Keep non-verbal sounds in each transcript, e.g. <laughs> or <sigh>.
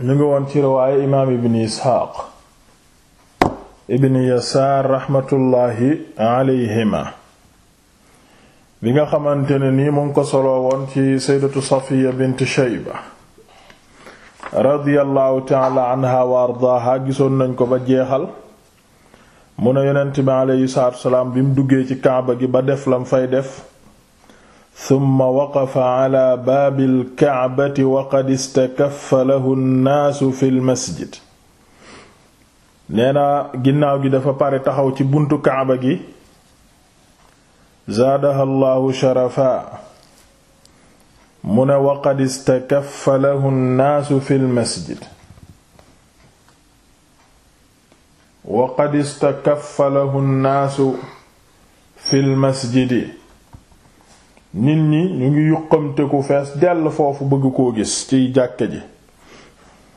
ñu ngi woon ci riwaaye imaam ibn isxaaq ibn yasaar raxmatullaahi bi nga xamante ne nii mu ngi ko soloo woon ci saydatu safiya bint shayba radiyallahu taala anha wa ardaaha gisoon nañ ko ba jeexal mu ne yonent bi aleyhi salaatu wasalaam bi mu duggee ci kaaba gi ba def lam fay def summa waqafa ala baabil kacbati waqad istakaffa lahu nnaasu fi lmasjid nee na ginnaaw gi dafa pare taxaw ci buntu kacba gi zaadaha llaahu sharafa mu ne waqad istakaffa lahu nnaasu fi lmasjid waqad istakaffa lahu nnaasu fi lmasjidi nit ñi ñu ngi yuqamte ku fees dell foofu bëgg koo gis ciy jàkke ji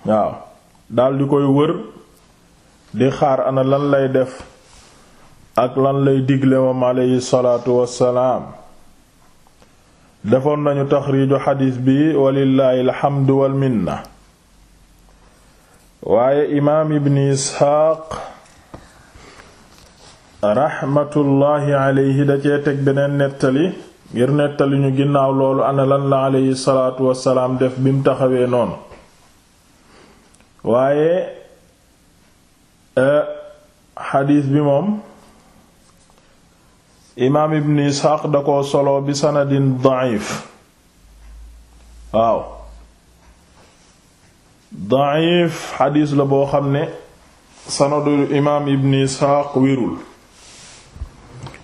waaw daldi koy wër di xaar ana lan lay def ak lan lay digle moom aleyhi salaatu wassalaam defoon nañu taxriiju xadiis bi walilaahi alxamdu walminna waaye imaam ibni isxaaq raxmatullaahi aleyhi da cee teg beneen nettali ngir nettali ñu ginnaaw loolu ana lan la aleyhi salaatu wasalaam def bi mu taxawee noonu waaye eh, xadiis bi moom imaam ibn isxaaq da ko solo bi sanadin daif waaw daif xadiis la boo xam ne sanadu imaam ibn isxaaq wérul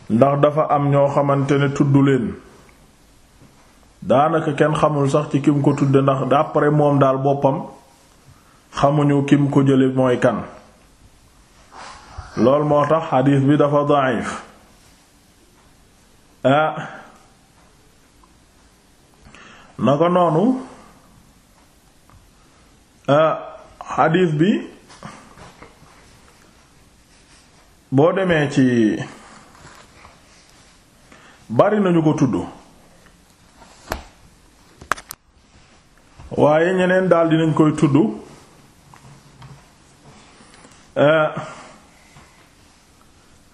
ndax dafa am ñoo xamante ne tudd leen daanaka kenn xamul sax ci kim ko tudde ndax d'après moom daal boppam xamuñu kim ko jële mooy kan loolu moo tax xadiis bi dafa daif ah naka noonu xadiis bi boo demee ci bari nañu ko tudd waaye ñeneen daal nañ koy tudd eh,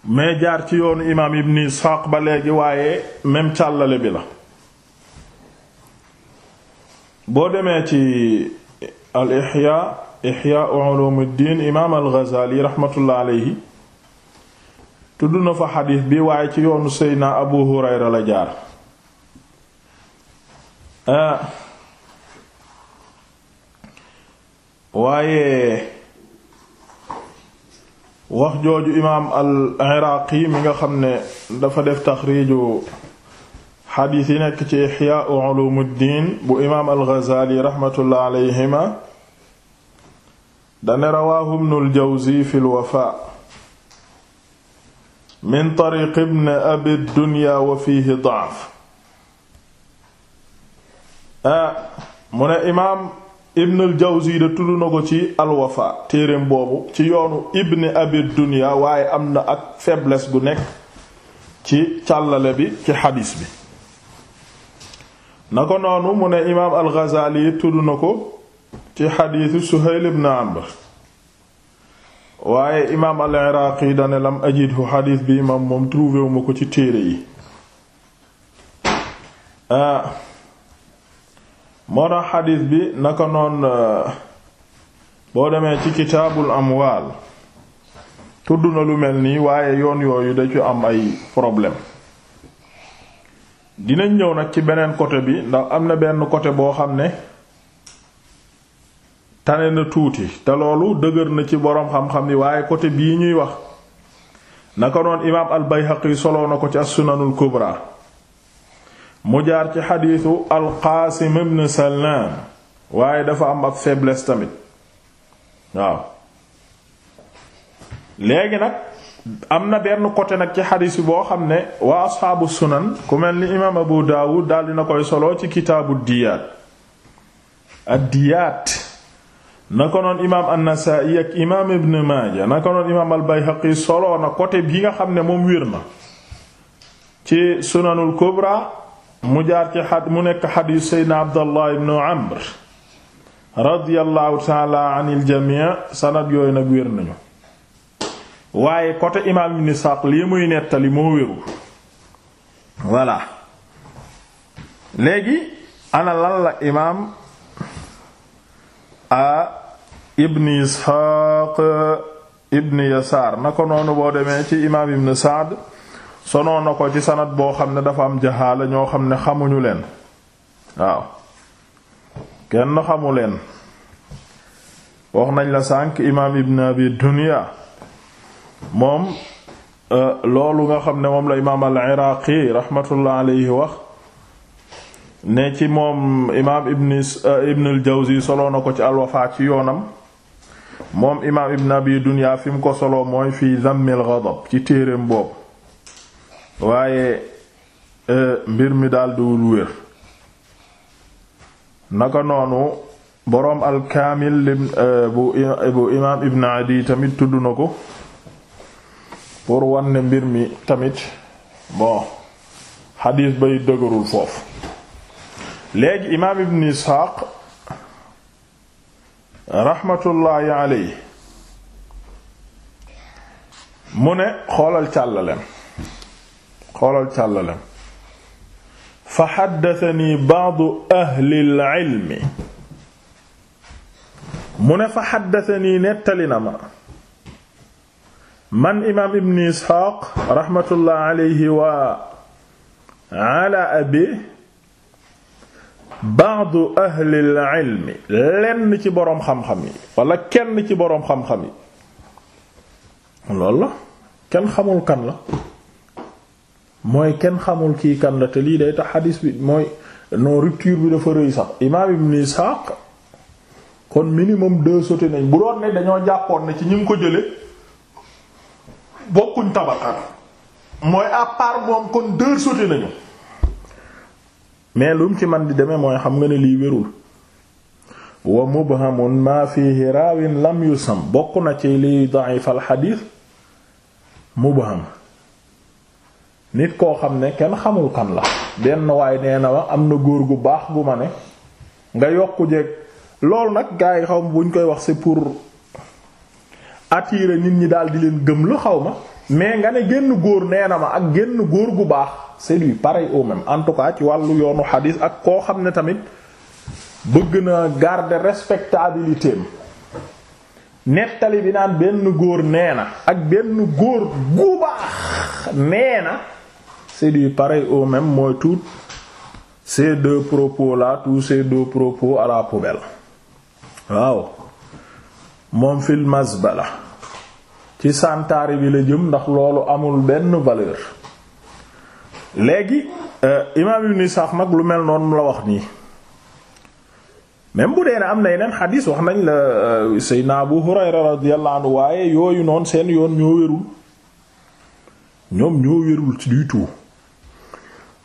mais jaar ci yoonu imaam ibn Ishaq ba léegi waaye même càllale bi la boo demee ci al Ihya Ihya ulumuddin imaam al Ghazali rahmatullah alayhi tudd na fa xadiis bi waaye ci yoonu seydna abu hurayra la jaar ah. waaye wax jooju imaam al iraqi mi nga xam ne dafa def taxriiju xadiis yi nekk ci ixyaa ulumuddin bu imaam al ghazali raxmatullah alayhima dane rawaahu ibnul jawzi fil wafaa min tariq ibn abi dunya wa fiihi da'f ah, mu ne imaam ibn al jawzi de tudd na ko ci alwafa téereem boobu ci yoonu ibn abi dunya waaye am na ak faiblesse gu nekk ci càllale bi ci xadiis bi na ko noonu mu ne imaam al ghazali tudd na ko ci xadiisu suhayl ibn amr waaye imaam al-Iraaqi dane lam ajidhu xadiis bi imaam moom trouvé wu ma ko ci téere yi ah, moo tax xadiis bi naka noon ah, boo demee ci kitaabul amwaal tudd na lu mel nii waaye yoon yooyu da ci am ay problème dinañ ñëw nag ci beneen côté bi ndax am na benn côté boo xam ne tane na tuuti te loolu dëgër na ci boroom xam-xam ni waaye côté bii ñuy wax naka noon imaam al-Bayhaqi soloo na ko ci as-Sunanul Kubra mu jaar ci xadiisu al-Qaasim ibn Salaam waaye dafa am ak faiblesse tamit waaw léegi nag am na benn côté nag ci xadiis bi boo xam ne waa asxaabu sunan ku mel ni imaam Abu Daawud daldi na koy soloo ci kitaabu diyaat ad-diyaat naka noonu imaam an-Nasaa'i ak imaam Ibn Maaja naka noonu imaam al-Bayhaqi solo na côté bi nga xam ne moom wér na ci sunanul kubra mu jaar ci xad mu nekk xadiis Seydina Abdallah ibn Amr radiyallahu taala anil jamii sanad yooyu nag wér nañu waaye côté imaam Ibn Isxaaq lii muy nettali moo wérul voilà léegi ana lan la imaam a ibni isxaaq ibni yasaar na ko noonu boo demee ci imaam ibn saad sonoo na ko ci sanat boo xam ne dafa am jaxaala ñoo xam ne xamuñu leen waaw kenn xamu leen wax nañ la sànk imaam ibn abi dunya moom euh, loolu nga xam ne moom la imaam al iraaqi raxmatullah alayhi wax ne ci moom imaam ibn eh, ibn soloo na ko ci al ci yoonam moom imaam ibn abi dunya fi ko soloo mooy fi zammil ghadab ci téereem boobu waaye eh, mbir mi daal duwul wér naka noonu boroom alkaamil eh, bu imaam ibn adi tamit tudd na ko pour wanne mbir mi tamit bon xadiis bay dëgërul foofu léegi imaam ibn isxaaq raxmatullaahi aley mu ne xoolal càllalem xoolal càllalem fa xaddatani baadu ahlil ilmi mu ne fa xaddatani nettali na ma man imaam ibn isxaaq raxmatullaahi aleyhi wa ala abi baadu ahlil ilmi lenn ci boroom xam-xam yi wala kenn ci boroom xam-xam yi loolu la kenn xamul kan la mooy kenn xamul kii kan la te lii day tax xadiis bi mooy noo rupture bi dafa rëy sax imaam ibn Ishaq kon minimum deux sauté nañ bu doon ne dañoo jàppoon ne ci ñi mu ko jële bokkuñ tabaqan mooy à moom kon deux sauté nañu mais lu ci man di demee mooy xam nga ne lii wérul wa mubhamun ma fihi raawin lam yusam bokk na ci liy da'if al xadiis mubham nit koo xam ne kenn xamul kan la benn waay nee na am na góor gu baax gu ma ne nga yokku jeeg loolu nag gars yi xaw ma bu ñu koy wax c'est pour attirer nit ñi daal di leen gëm lu xaw ma mais nga ne génn góor nee na ma ak génn góor gu baax c'est yu pareil au même en tout cas ci wàllu yoonu xadiis ak koo xam ne tamit bëgg na garder respectabilité am nettali bi naan benn góor nee na ak benn góor gu baax nee na c'est yu pareil au même mooy tout ces deux propos là tous ces deux propos à la waaw moom fil mazbala ci santaari bi la jëm ndax loolu amul benn valeur léegi euh, imaam ibn Isaaq nag lu mel noonu la wax nii même bu dee ne am na yeneen xadiis wax nañ la euh, Seydina Abu Hurayra radiyallahu waaye yooyu noonu seen yoon ñoo wérul ñoom ñoo wérul ci du tout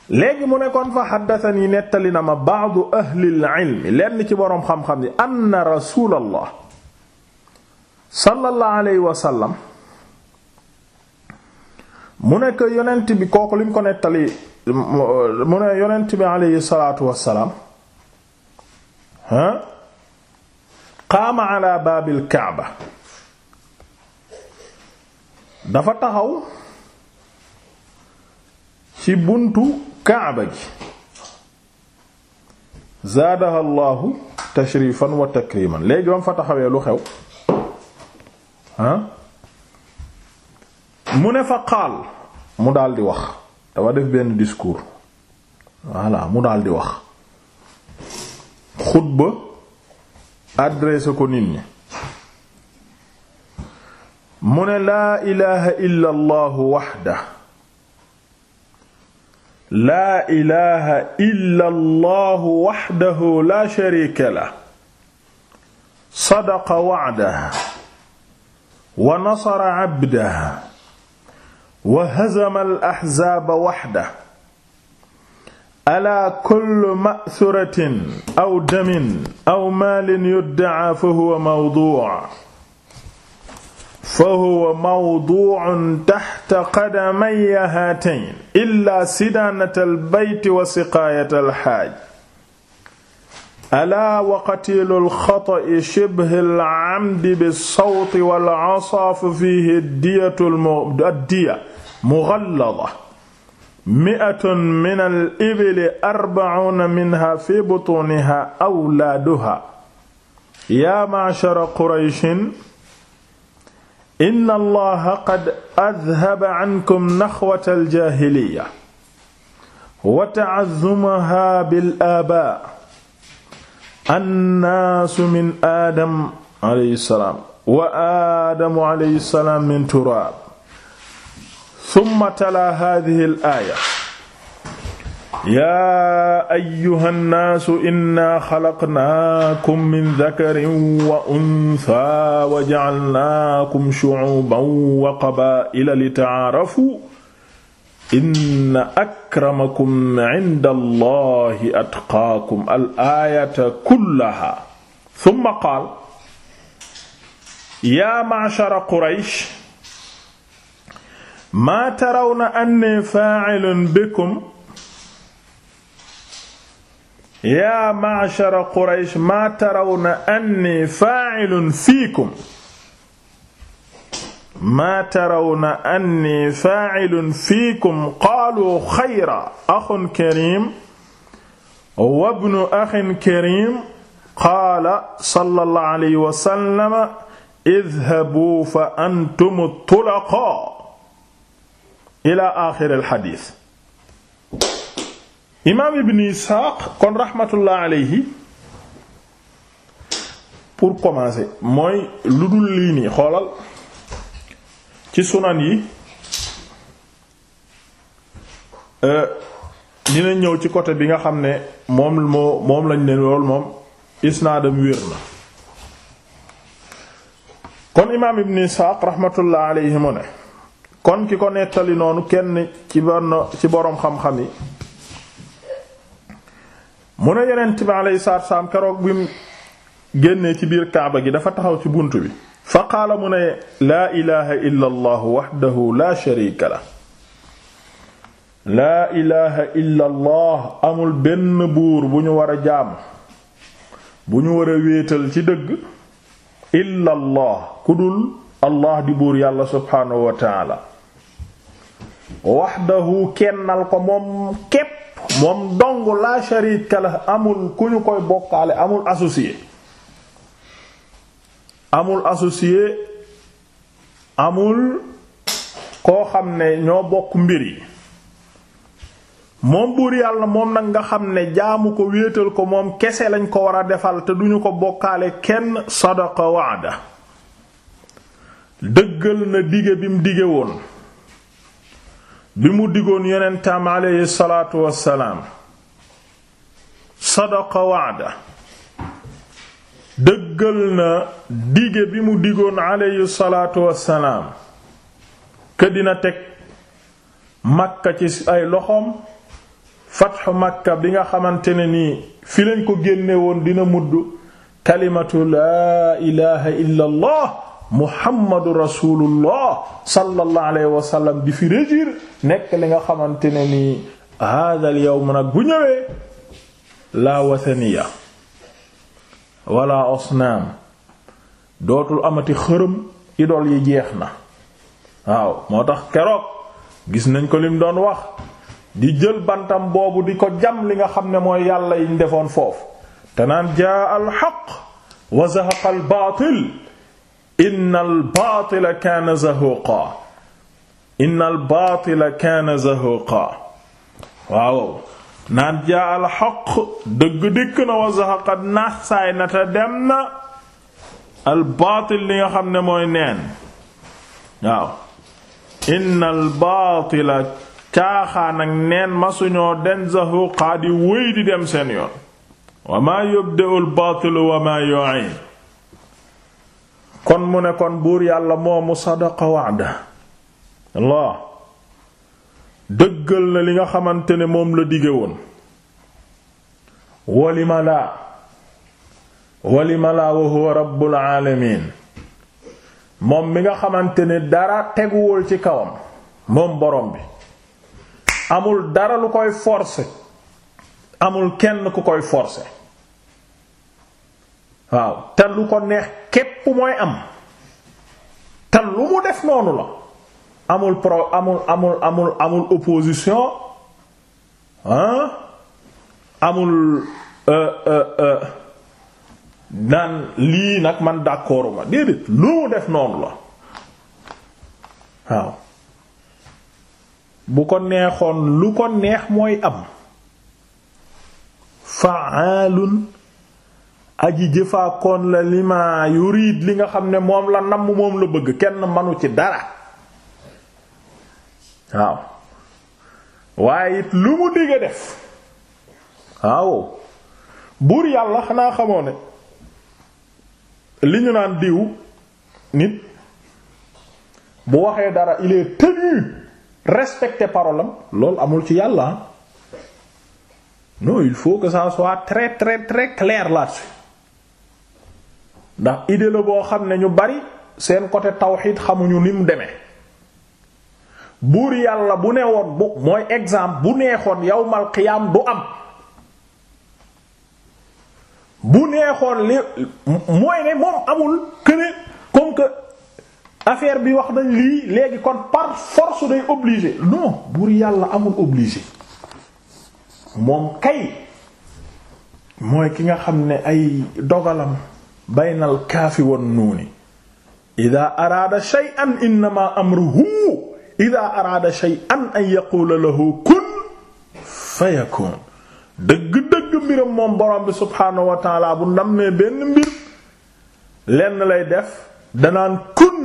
léegi mu nekkoon fa xaddatani nettali na ma baadu ahlil ilmi lenn ci boroom xam-xam ni anna rasulallah sallallahu alayhi wa mu nekk yonent bi kooku li mu ko nettali mu ne yonent bi aleyhi salaatu wassalaam ha qaama ala baabil kaaba dafa taxaw ci buntu kaaba gi zaadaha llahu tashrifan wa takriman léegi ba mu fa taxawee lu xew mu ne fa qaal mu daal di wax dafa def benn discours voilà mu daal di wax xutba adressé ko nit ñi mu ne laa ilaha illa allahu waxda laa ilaha illa allahu waxdahu la sharika la sadaqa wa'dahu wa nasara wa hazama al ahzaaba waxda alaa kullu ma'thuratin aw damin aw maalin yudda'a fa huwa mawdu' fa huwa mawdu'un taxta qadamayya haatayn illaa sidaanata albayti wa siqaayata alxaaj alaa wa qatiilu alxata'i shibhi alcamdi bisawti walcasaafu fiihi addiyatu addiya mughallada mi'atun min al-ibli arba'una minha fi butuniha awlaaduha yaa ma'shara qurayshin inna allaha qad adhaba ankum naxwata aljaahiliya wa ta'azzumaha bil aabaa annaasu min aadam alayhi salaam wa aadamu alayhi salaam min turaab summa tala hadihi al aaya yaa ayyuha nnaasu inna xalaqnaakum min dakarin wa unsa wa jacalnaakum shucuuban wa qabaa'ila litacaarafu inna akramakum cinda allahi atqaakum al aayata kullahaa summa qaal yaa macshara quraysh maa tarawna anni faa'ilun bikum yaa ma'shara Quraysh maa tarawna anni faa'ilun fiikum maa tarawna anni faa'ilun fiikum qaaluu xayra axun kariim wa ibnu axin kariim qaala sallallahu alayhi wa sallam idhabuu fa antum tulaqaa ila aaxiri alxadiis imaam ibn isxaaq kon raxmatullah alayhi pour commencer mooy lu dul lii nii xoolal ci sunan yi euh, dina ñëw ci côté bi nga xam ne moom moo moom lañ ne lool moom isnaadam wér na kon imaam ibn isxaaq raxmatullah alayhi mu ne kon ki ko nettali noonu kenn ci benn ci boroom xam-xam yi mu ne yonent bi alayhi salaatu salaam keroog bi mu génnee ci biir kaaba gi dafa taxaw ci bunt bi fa qaala mu ne laa ilaha illa allah laa sharika la laa ilaha illa amul benn buur bu ñu war a jaam bu ñu war a wéetal ci dëgg illa allah ku dul allah di buur yàlla subhaanahu wa waxdahu kennal ko moom képp moom dong la sharika la amul ku ñu koy bokkaale amul associé amul associé amul koo xam ne ñoo bokk mbir yi moom buur yàlla moom nag nga xam ne jaamu ko wéetal ko moom kese lañ ko war a defal te duñu ko bokkaale kenn sadaqa waada dëggal na dige mu dige woon bi mu digoon yonentam aleyhi salaatu salaam sadaqa waada dëggal na dige bi mu digoon aleyhi salaatu wassalaam ke dina teg makka ci ay loxoom fatxu makka bi nga xamante ne nii fi lañ ko génnewoon dina mudd kalimatu laa ilaha illa muhammadu rasulullah sallallahu alayhi wa sallam di fi régir nekk li nga xamante ne nii ni yow yawm nag bu ñëwee laa wasaniya wala osnaam dootul amati xërëm idol yi jeex na waaw moo tax keroog gis nañ ko lim doon wax di jël bantam boobu di ko jam li nga xam ne mooy yàlla yiñ defoon foofu te jaa alxaq wa zahaqa al innal baatila kaana zahuuqa innal baatila kaana zahuuqa waaw naan jaa al xaq dëgg dikk na wa zahaqa naax saay na te dem na al baatil li nga xam ne mooy neen waaw innal baatila caaxaan ak neen masuñoo den zahuuqa di wéy dem seen yoon wa maa yubda'u al baatilu wa maa yu'iid kon mu ne kon buur yàlla moomu sadaqa wa'da Allah dëggal na li nga xamante ni moom la dige woon walimala walimala wa huwa rabbul alamin moom mi nga xamante ne dara teguwul ci kawam moom borom bi amul dara lu koy forcer amul kenn ku koy forcer waaw te lu ko neex képp mooy am te lu mu def noonu la amul pro amul amul amul amul opposition amul euh, euh, euh, naan lii nag man d'accord ma déedéet lu mu def noonu la waaw bu ko neexoon lu ko neex mooy am fa'alun aji jëfaakoon la lima yurid li nga xam ne moom la namm moom la bëgg kenn manu ci dara waaw waaye it lu mu digg def waaw buur yàlla xanaa xamoo ne li ñu naan diw nit bu waxee dara il est tenu respecter parole amul ci yàlla non il faut que ça soit très très très clair là-dessus ndax idée la boo xam ne ñu bari seen côté tawxiid xamuñu ni mu demee buur yàlla bu ne bu mooy exemple bu neexoon yawmal qiyaam du am bu neexoon li mooy ne moom amul këne comme que affaire bi wax nañ lii léegi kon par force day obligé non buur yàlla amul obligé moom kay mooy ki nga xam ne ay dogalam baynal kaafi wan nuuni ida araada shay'an innama amruhu ida araada shay'an an yaqula lahu kun fayakun dëgg-dëgg mbiram moom borom bi subhaanahu wa taala bu ndammee benn mbir lenn lay def danaan kun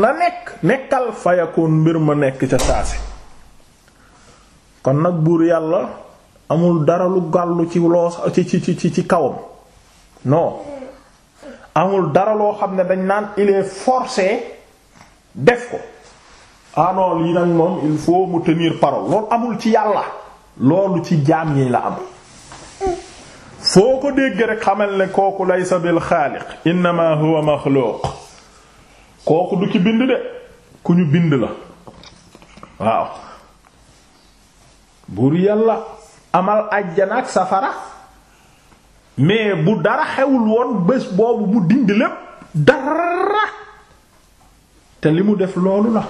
na nekk nekkal fayakun mbir ma nekk ca saasi kon nag buur yàlla amul dara lu gàllu ci loosa ci ci ci ci kawam non amul dara loo xam ne dañ naan il est def ko ah non nag moom il faut mu parole loolu amul ci yàlla loolu ci jaam yi la am foo ko dégg rek xamal ne kooku laysa bil xaaliq innama huwa maxluuq kooku du ci bind de ku ñu bind la waaw buur yàlla amal àjjana ak safara mais bu dara xewul woon bés boobu mu dindi lépp dara te li mu def loolu la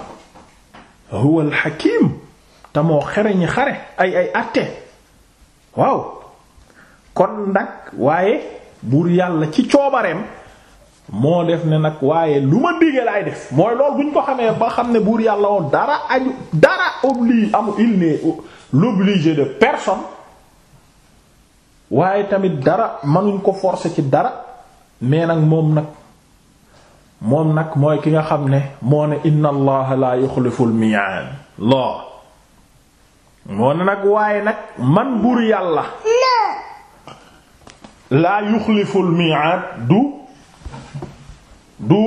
huwa alxakim te moo xere ñi xare ay ay atte waaw kon nag waaye buur yàlla ci coobareem moo def ne nag waaye lu ma digee laay def mooy loolu bu ñu ko xamee ba xam ne buur yàlla woon dara aju dara oblige amul il n'est de personne waaye tamit dara mënuñ ko forcer ci dara mais nag moom nag moom nag mooy ki nga xam ne moo ne inna allaha la yuxliful mi'ad loo moo ne nag waaye nag man buur yàlla laa yuxliful mi'ad du du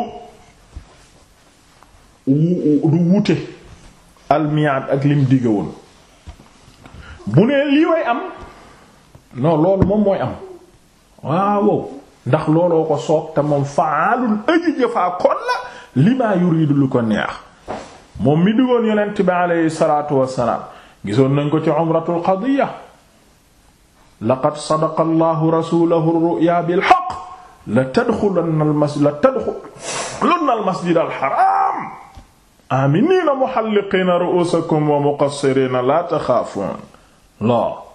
du wute al mi'ad ak lim digg woon bu ne lii way am non loolu moom mooy am waaw ndax looloo ko soob te moom faalul aji jëfaa kon lima yuridu lu ko neex moom mi digoon yonent bi aleyhi salaatu wassalaam gisoon nañ ko ci umratul qadiya laqad sadaqa allahu rasulahu ar-ru'ya bil haqq la tadxulanna al masjid la tadxulanna al masjid al haram aminiina muhalliqiina ru'usakum wa muqassiriina la taxaafuun la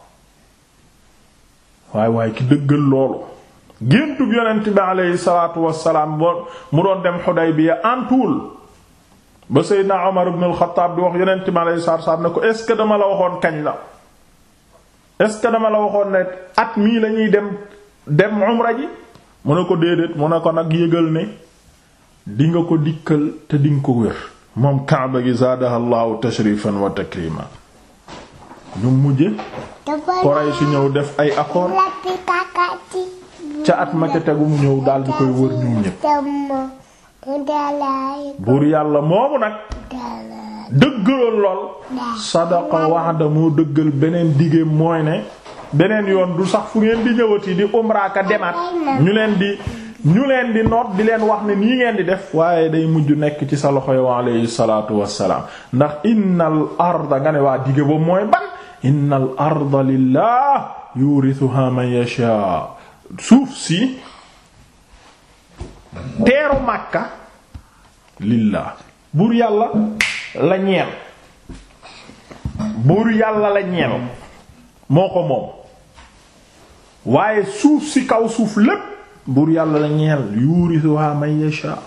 waaye waaye ki dëggal loolu géntub yonent bi aleyhi salaatu wassalaam mu doon dem Xudaybiya antuwul ba Seydina Omar ibn al-Khattab di wax yonent bi aleyhi salaatu wassalaam ne ko est-ce que dama la waxoon kañ la est-ce que dama la waxoon ne at mii lañuy dem dem umra ji mu ne ko déedéet mu ne ko nag yëgal ne di nga ko dikkal te di nga ko wér moom Kaaba gi zaadahallahu tashrifan wa takrima ñu mujje Quraysh ñëw def ay accord ca at ma ca tegum ñëw daal di koy wër ñu ñépp buur yàlla moomu nag dëggaloon lool sadaqa wa'da moo dëggal beneen digéem mooy ne beneen yoon du sax fu ngeen di ñëwati di umraaka demaat ñu leen di ñu leen di noot di leen wax ne nii ngeen di def waaye day mujj nekk ci sa loxo yow alayhi salaatu wassalaam ndax innal arda nga ne waa digé ba mooy inna al arda lillah yurithuha man yasha suuf si teeru màkka lillah buur yàlla la ñeel buur yàlla la ñeel moo ko moom waaye suuf si kaw suuf lépp buur yàlla la ñeel yurithuha man yasha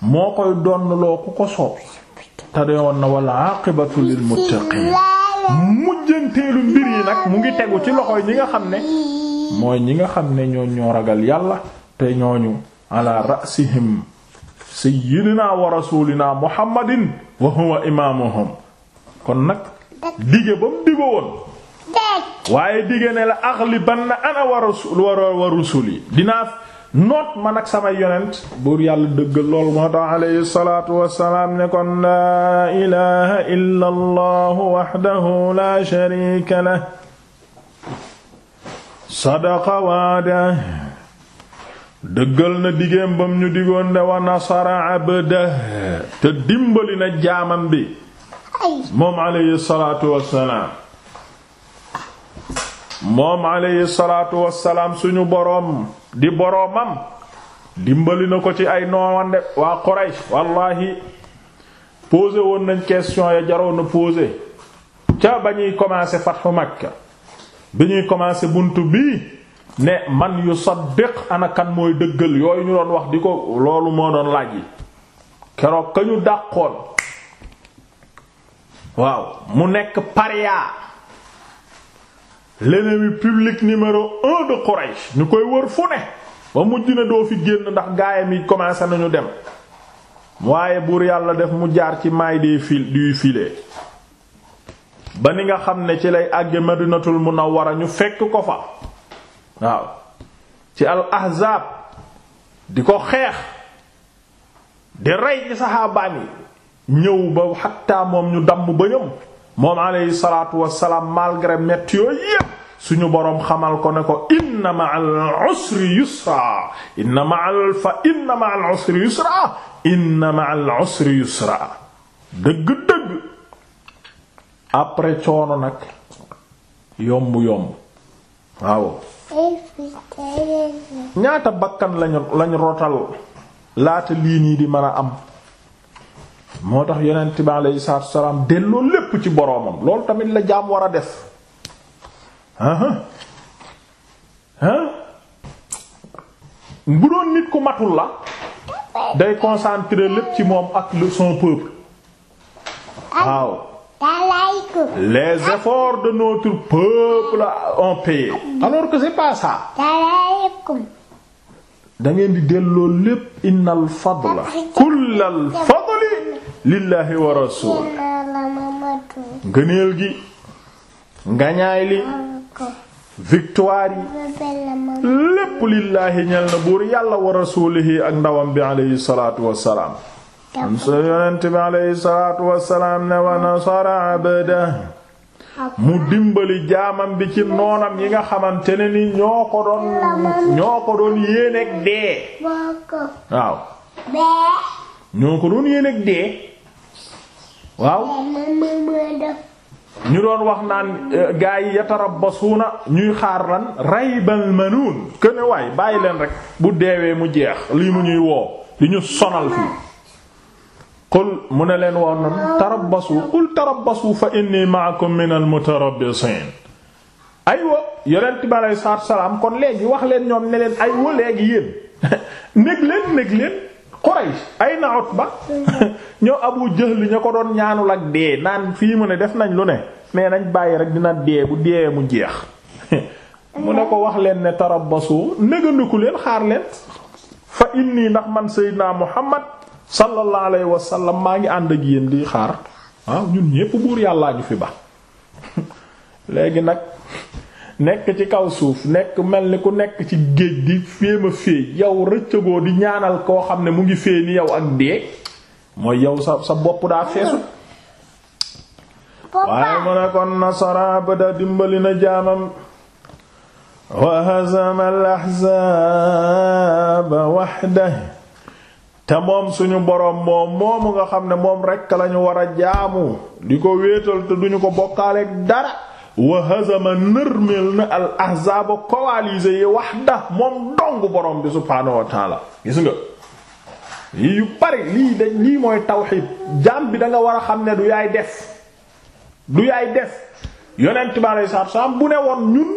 moo koy donn loo ku ko soob te woon na wal aqibatu lil muttaqin mujjanteelu mbir yi nag mu ngi tegu ci loxoy ñi nga xam ne mooy ñi nga xam ne ñoo ñoo ragal yàlla te ñooñu ala rasihim sayyidina wa rasulina muhammadin wa huwa imaamuhum kon nag dige ba mu digoo woon waaye dige ne la aghlibanna ana wa rasul wa rusuli dinaa noot man ak samay yonent buur yàlla dëggal lool moo tax alayhi salaatu ne kon laa ilaha illa allah wahdahu la sharika lah sadaqa dëggal na digéem bam ñu digoon de wa nasara abdah te dimbali na jaamam bi moom alayhi salaatu wassalaam moom alayhi salaatu wassalaam suñu boroom di boroomam dimbali na ko ci ay noowande waa Quraysh wallahi posé woon nañ question ya jaroon na posé ca ba ñuy commencé fathu Makka bi ñuy commencé bunt bii ne man yu saddiq anakan mooy dëggal yooyu ñu doon wax di ko loolu moo doon laaj yi keroog ka ñu dàqoon waaw mu nekk paria leneen public numéro un de Quraish ñu koy wër fu ne ba mujj na doo fi génn ndax gaayam yi commencé nañu dem waaye buur yàlla def mu jaar ci maay des fil duy filet ba ni nga xam ne ci lay àgge Madinatul Munawwara ñu fekk ko fa waaw ci al ahzaab di ko xeex di rey ci saxaabaan yi ñëw ba xattaa moom ñu damm bëñam moom alayhi salaatu wassalaam malgré metti yooyu yépp suñu boroom xamal ko ne ko inna ma'al usri yusra inna ma'al fa inna yusra dëgg-dëgg après coono nag yomb-yomb waaw ñaata bakkan lañu lañu rotal laata lii nii di mën a am moo tax yonent bi aleyhi salaatu salaam delloo lépp ci boroomam loolu tamit la jaam war a def bu doon nit ku matul la day concentrer lépp ci moom ak son peuple waaw les efforts de notre peuple ont payé alors que c'est pas da di delloo lépp innal fadla kullal fadli lillahi wa rasul gi ngañaay li lépp lillaahi ñel na buur yàlla wa rasulihi ak ndawam bi aleyhi salatu wassalaam am wa nasara abda mu dimbali jaamam bi ci noonam yi nga xamante ne ni ñoo ko doon ñoo ko doon yéeneeg dee waaw ñoo ko doon yéeneeg dee waaw ñu doon wax naan e, gaa ba suuna ñuy xaar lan raybal manuun këne waay bàyyi leen rek bu deewee mu jeex lii mu ñuy woo li ñu sonal fii qul mu ne leen woon na tarabbasu qul tarabbasu fa inni ma'akum minal mutarabbisiin aywa yonent bi aleyhi salaatu wa salaam kon léegi wax leen ñoom ne leen aywa léegi yéen <laughs> nég leen nég leen Quraysh ay na Utba <laughs> ñoo Abu Jahl ña ko doon ñaanul ak dee naan fii mu ne def nañ lu ne mais nañ bàyyi rek dina dee bu dee mu jeex <laughs> mu ne ko wax leen ne tarabbasu négandiku leen xaar leen fa inni ndax man Seydina Muhammad sallallahu alayhi wa sallam maa ngi ànd ak yéen di xaar ah ñun ñépp buur yàllaa ñu fi ba <laughs> léegi nag nekk ci kaw suuf nekk mel ni ku nekk ci géej di féema féey yow rëccëgoo di ñaanal koo xam ne mu ngi féey ni yow ak dee mooy yow sa sa bopp daa feesu waaye mu ne kon nasara bada dimbali na jaamam wa hazama al ahzaba te moom suñu boroom moom moomu nga xam ne moom rekk lañu war a jaamu di ko wéetal te duñu ko bokkaaleeg dara wa hazama nërmeel na al ahzaaba coalisé yi wahda moom dong boroom bi subhaanahu wa taala gis nga lii yu bari lii dañ lii mooy tawxiid jaam bi danga war a xam ne du yaay def du yaay def yonent bi alei satu bu ne woon ñun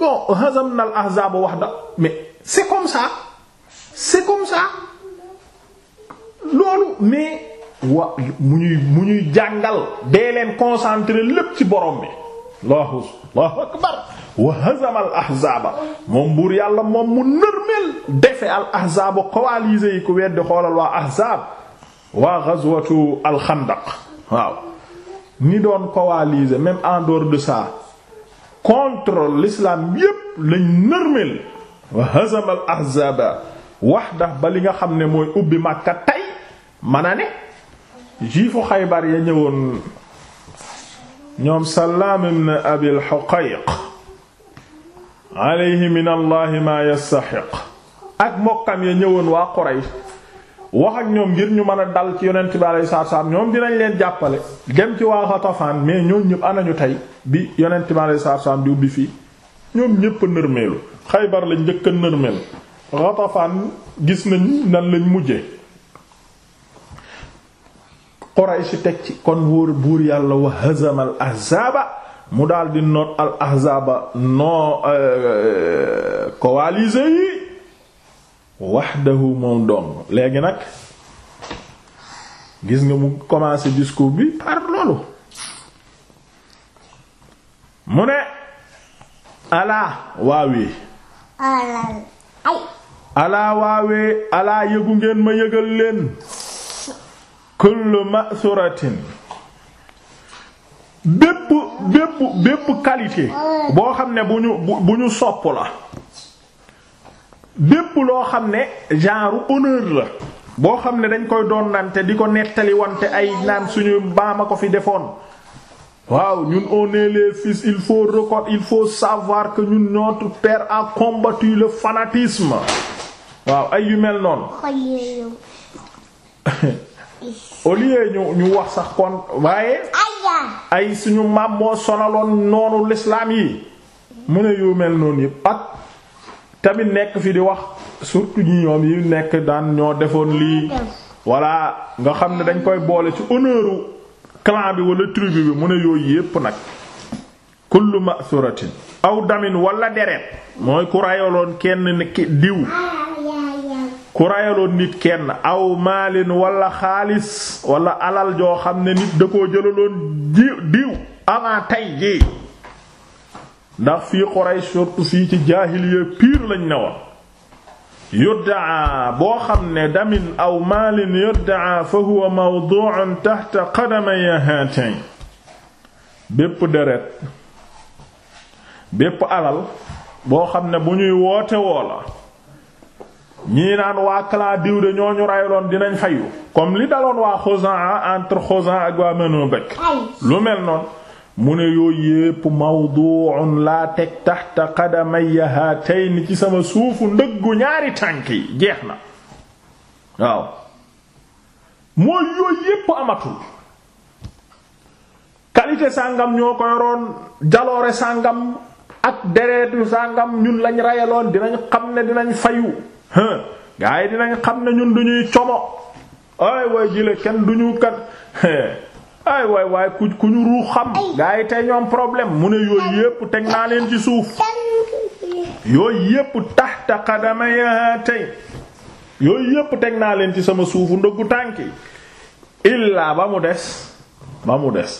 bon hazam na al ahzaaba wahda mais c'est comme ça c'est comme loolu mais wa mu ñuy mu ñuy jàngal dee leen concentrer lépp ci borom bi allahu allahu akbar wa hazama ahzaaba moom buur yàlla moom mu nërmeel defe al ahzaaba coalisé yi ku weddi xoolal waa ahzaab waa ghazwatu al waaw ni doon coalisé même en dehors de ça contre l'islam yépp lañ nërmeel wa hazama al ahzaaba wahda ba li nga xam ne mooy ubbi Makka man a ne juifu Xaybar ya ñëwoon ñoom Sallaam ibn Abil Huqayq alayhi min ma yastahiq ak mbokkam ya ñëwoon waa Quraysh wax ak ñoom ngir ñu mën a dal ci yonent bi alayhi salaatu ñoom dinañ leen jàppale dem ci waa Xatafaan mais ñoom ñëpp anañu tey bi yonent bi alayhi salaatu salaam di ubbi fii ñoom ñëpp a nërmeelu Xaybar lañ njëkk nërmeel Xatafaan gis nañ nan lañ mujje Quraysh teg ci kon wóor buur yàlla wa hazama al ahzaaba mu daldi di noot al ahzaaba non euh, coalisé yi wahdahu moom dong léegi nag gis nga mu commencé discours bi par loolu mu ne alaa waawee alaa waawee alaa yëgu ngeen ma yëgal leen kullu ma'suratin bépp bépp bépp qualité boo xam ne bu ñu bu ñu sopp la bépp loo xam ne genre honneur la boo xam ne dañ koy doon nante di ko nettali wante ay naan suñu a ko fi defoon waaw ñun on est il faut record il faut savoir que ñun notre père a combattu le fanatisme waaw ay yu mel noonu <laughs> au lieu ñu wax sax kon waaye ay suñu maam sonaloon noonu lislaam yi mu ne yu mel noonu yëpp at tamit nekk fi di wax surtout ñi ñoom yi nekk daan ñoo defoon lii voilà nga xam ne dañ koy boole ci honneuru clan bi wala tribu bi mu ne yooyu yëpp nag kullu ma'thuratin aw damin wala deret mooy ku rayoloon kenn diw ku rayaloon nit kenn aw maalin walla xaalis wala alal joo xam ne nit da koo jëlaloon diw diw avant tey jii ndax fii Quraysh surtout fii ci jaahiliya piir lañ ne woon yuddaa boo xam ne damin aw maalin yuddaa fa huwa mawdu'un tahta qadamaya hatain bépp deret bépp alal boo xam ne bu ñuy woote woo la ñii naan waa clan ñoo ñu rayloon dinañ fayu comme li daloon waa Xuzaa entre Xuzaa ak waa Banu Bakr lu mel noonu mu ne yooyu yépp mawdu'un laa teg tahta qadamayya haatayn ci sama suufu ndëggu ñaari tànk yi jeex na waaw mooy yooyu yépp amatul qualité sàngam ñoo ko yoroon jaloore sàngam ak dereetu sàngam ñun lañ rayaloon dinañ xam ne dinañ fayu gaa yi dinañ xam ne ñun duñuy como ay waay jile kenn duñu kat ay waay waay ku ku ñu ruux xam gaa yi tey ñoom problème mu ne yooyu yépp teg naa leen ci suuf yooyu yépp tahta qadamaya tey yooyu yépp teg naa leen ci sama suufu ndëggu tànki illaa ba mu des ba mu des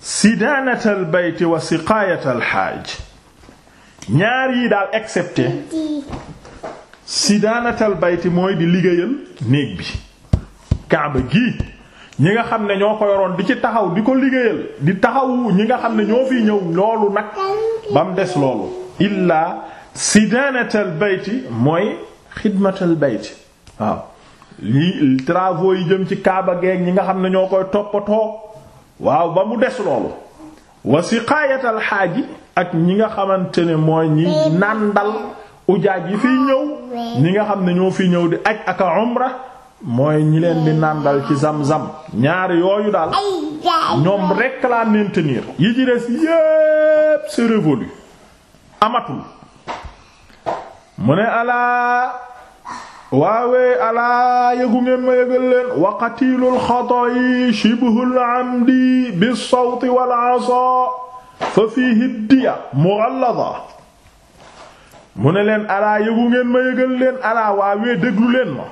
sidaanatal bayti wa siqaayatal xaaj ñaar yi daal excepté sidaanatal bayti mooy di liggéeyal néeg bi kaaba gi ñi nga xam ne ñoo ko yoroon di ci taxaw di ko liggéeyal di taxawu ñi nga xam ne ñoo fiy ñëw loolu nag ba mu des loolu illa sidaanatal bayti mooy xidmatal bayti waaw li travaux yi jëm ci kaaba geek ñi nga xam ne ñoo koy toppatoo waaw ba mu des loolu wa siqaayatal xaaji ak ñi nga xamante ne mooy ñi nàndal ujaaj yi fiy ñëw ñi nga xam ne ñoo fiy ñëw di aj ak a umra mooy ñi leen di nàndal ci zam-zam ñaari yooyu daal ñoom rekk laa maintenir yi ci des yépp c'est amatul mu ne alaa waawee alaa yëgu ngeen ma yëgal leen wa qatilul xatayi shibhul amdi bis sawti wal asa fa fiihi diya mughallada mu ne leen alaa yëgu ngeen ma yëgal leen alaa waawee déglu leen ma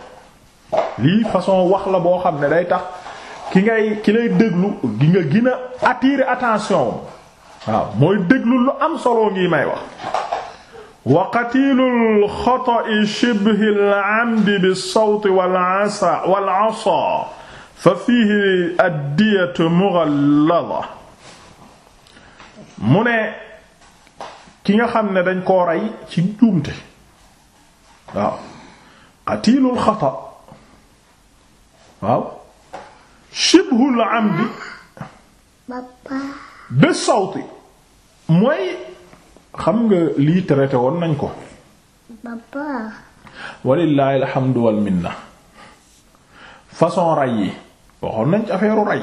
lii façon wax la boo xam ne day tax ki ngay ki lay déglu gi nga gën a attirer attention mooy déglu lu am solo ngi may wax wa qatilul xata'i shibhil 'amdi bis sawti wal 'asa mu ne ki nga xam ne dañ koo rey ci njuumte waaw qatilul xata waaw shibhul amdi bi sawti mooy xam nga lii traité woon nañ ko walillahi alhamdu wal minna façon rey yi waxoon nañ ci affaire rey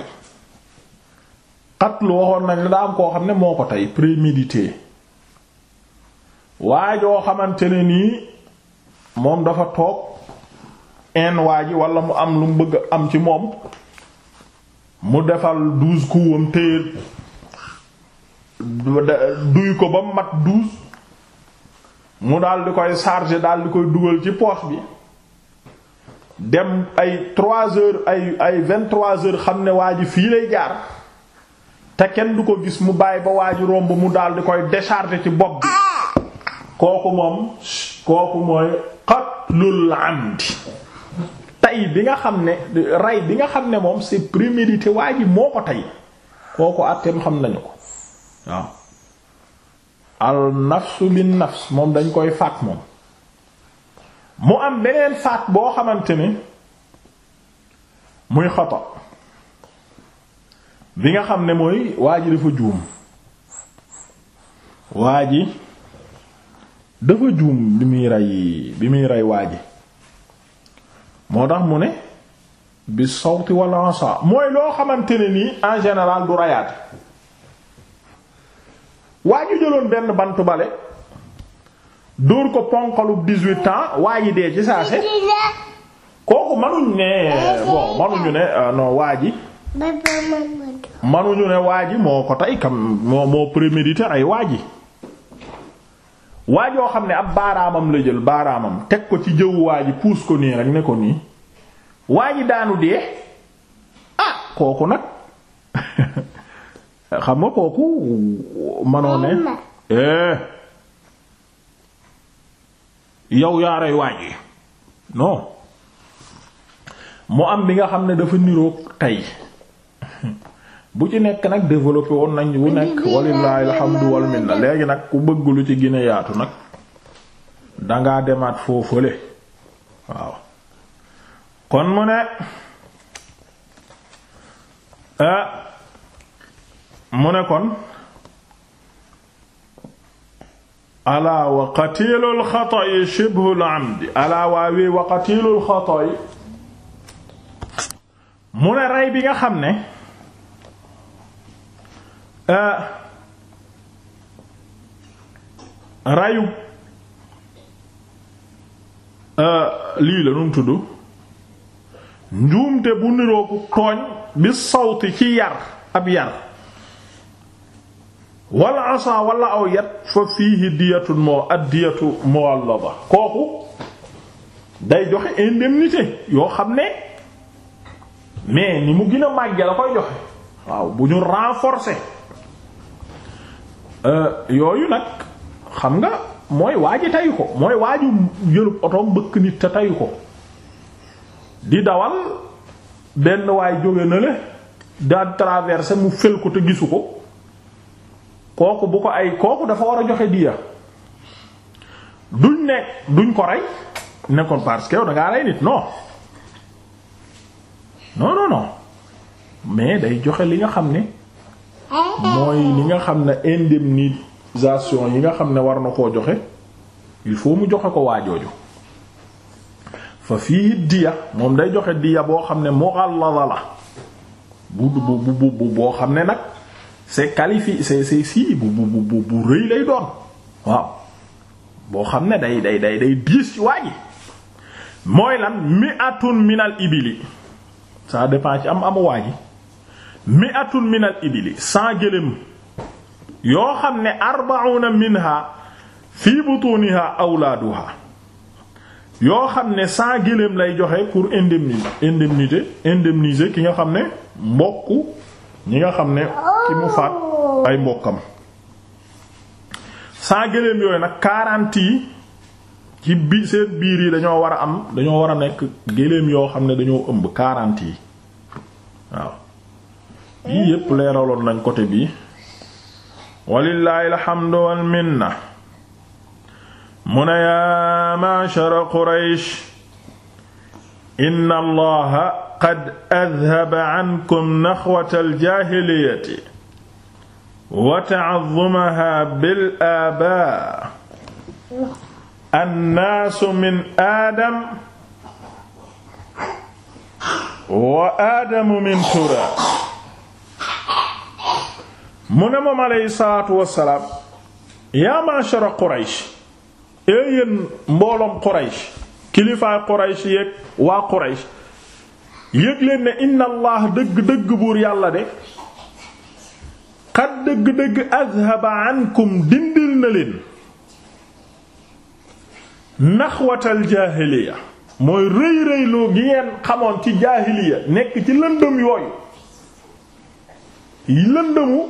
qatl waxoon nañ la daa am koo xam ne moo ko tey prémédité waa joo xamante ne nii moom dafa toog en waa ji wala mu am lu mu bëgg am ci moom mu defal douze kuwam téye duy ko ba mu mat douze mu daal di koy charger daal di koy dugal ci poche bi dem ay trois heures ay ay vingt-trois heures xam ne waa ji fii lay jaar te kenn du ko gis mu bàyyi ba waa ji romb mu daal di koy décharger ci bopp bi kooku moom kooku mooy qatlul amdi tey bi nga xam ne rey bi nga xam ne moom c'est prémédité waa ji moo ko tey kooku àtteem xam nañu ko waaw al nafsu nafs moom dañ koy faat moom mu am beneen faat boo xamante ni muy xata bi nga xam ne mooy waa ji dafa juum waa ji dafa juum bi muy rey bi muy rey waaji moo tax mu ne bi sawti wala ansa mooy loo xamante ne nii en général du rayaat waa ji jëloon benn bantu bale dóor ko ponkalu dix-huit ans waa ji dee ci saase kooku manuñ ne manuñu ne euh, non waa manuñu ne waa ji moo ko tey kam moo moo ay waa ji waa joo xam ne ab baaraamam la jël baaraamam teg ko ci jëw waa ji puus ko nii rek ne ko nii waa ji daanu dee ah kooku nag <laughs> xam nga kooku manoo ne eh yow yaa rey waa ji non mu am bi nga xam ne dafa niroog tey <laughs> bu ci nekk nag développé woon nañ wu nekk walillahi alhamdu wal minna léegi nag ku bëgg lu ci gën yaatu nag dangaa demaat foofale waaw kon mu ne ah, mu ne kon alaa wa qatilul xata'i shibhul amdi wi wa qatilul mu ne rey bi nga xam ne Euh, rayu euh, lii la nu tudd njuumte bu nirooku tooñ bi sawti ci yar ab yar wala asa wala aw yat fa fiihi diyatun moo ad muwallaba kooku day joxe indemnité yoo xam ne mais ni mu gën a màgge la koy joxe waaw bu ñu renforcer Euh, yooyu nag xam nga mooy waa ji tayu ko mooy waa ji yëlub otoom bëkk nit te tayu ko di dawal benn waay jóge na le daa traversé mu fël ko te gisu ko kooku bu ko ay kooku dafa war a joxe diya duñ ne duñ ko rey nekkoon parce que yow da rey nit non non non mais day joxe li nga xam ne mooy li nga xam ne indemnisation yi nga xam ne war na koo joxe il faut mu joxe ko waajooju fa fii diya moom day joxe di boo xam ne mughallala la boo xam ne nag c'est qualifié c'est c'est rëy lay doon waaw boo xam ne day day day day diis ci waa ji mooy lan mi atun minal ibili ça dépend ci am amu waa mi'atun min al ibili cent gëléem yoo xam ne arba'una minha fii butuniha awlaaduha yoo xam ne saa gëléem lay joxe pour indemnité indemnité indemniser ki nga xam ne mbokk ñi nga xam ne ki mu faat ay mbokkam cent gëléem yooyu nag quarante yi ci bi seen biir yi dañoo war a am dañoo war a nekk gëléem yoo xam ne dañoo ëmb quarante yi waaw yii yépp leeraloon nañ côté bii walillaahi alhamdu wal minna mu ne yaa ma'shara quraysh inna allaha qad adhaba ankum naxwata aljaahiliyati wa ta'azzumaha bil aabaa annaasu min aadam wa aadamu min turaab mu ne moom aleyhi salaatu wassalaam yaa ma'shara Quraysh éeyéen mbooloom Quraysh kilifaay Quraysh yéeg waa Quraysh yéeg leen ne inna dëgg dëgg buur yàlla de xat dëgg dëgg azhaba ankum dindil na leen naxwatal jaahiliya mooy rëy rëyloo gi ngeen xamoon ci jaahiliya nekk ci lëndëm yooyu lëndëmu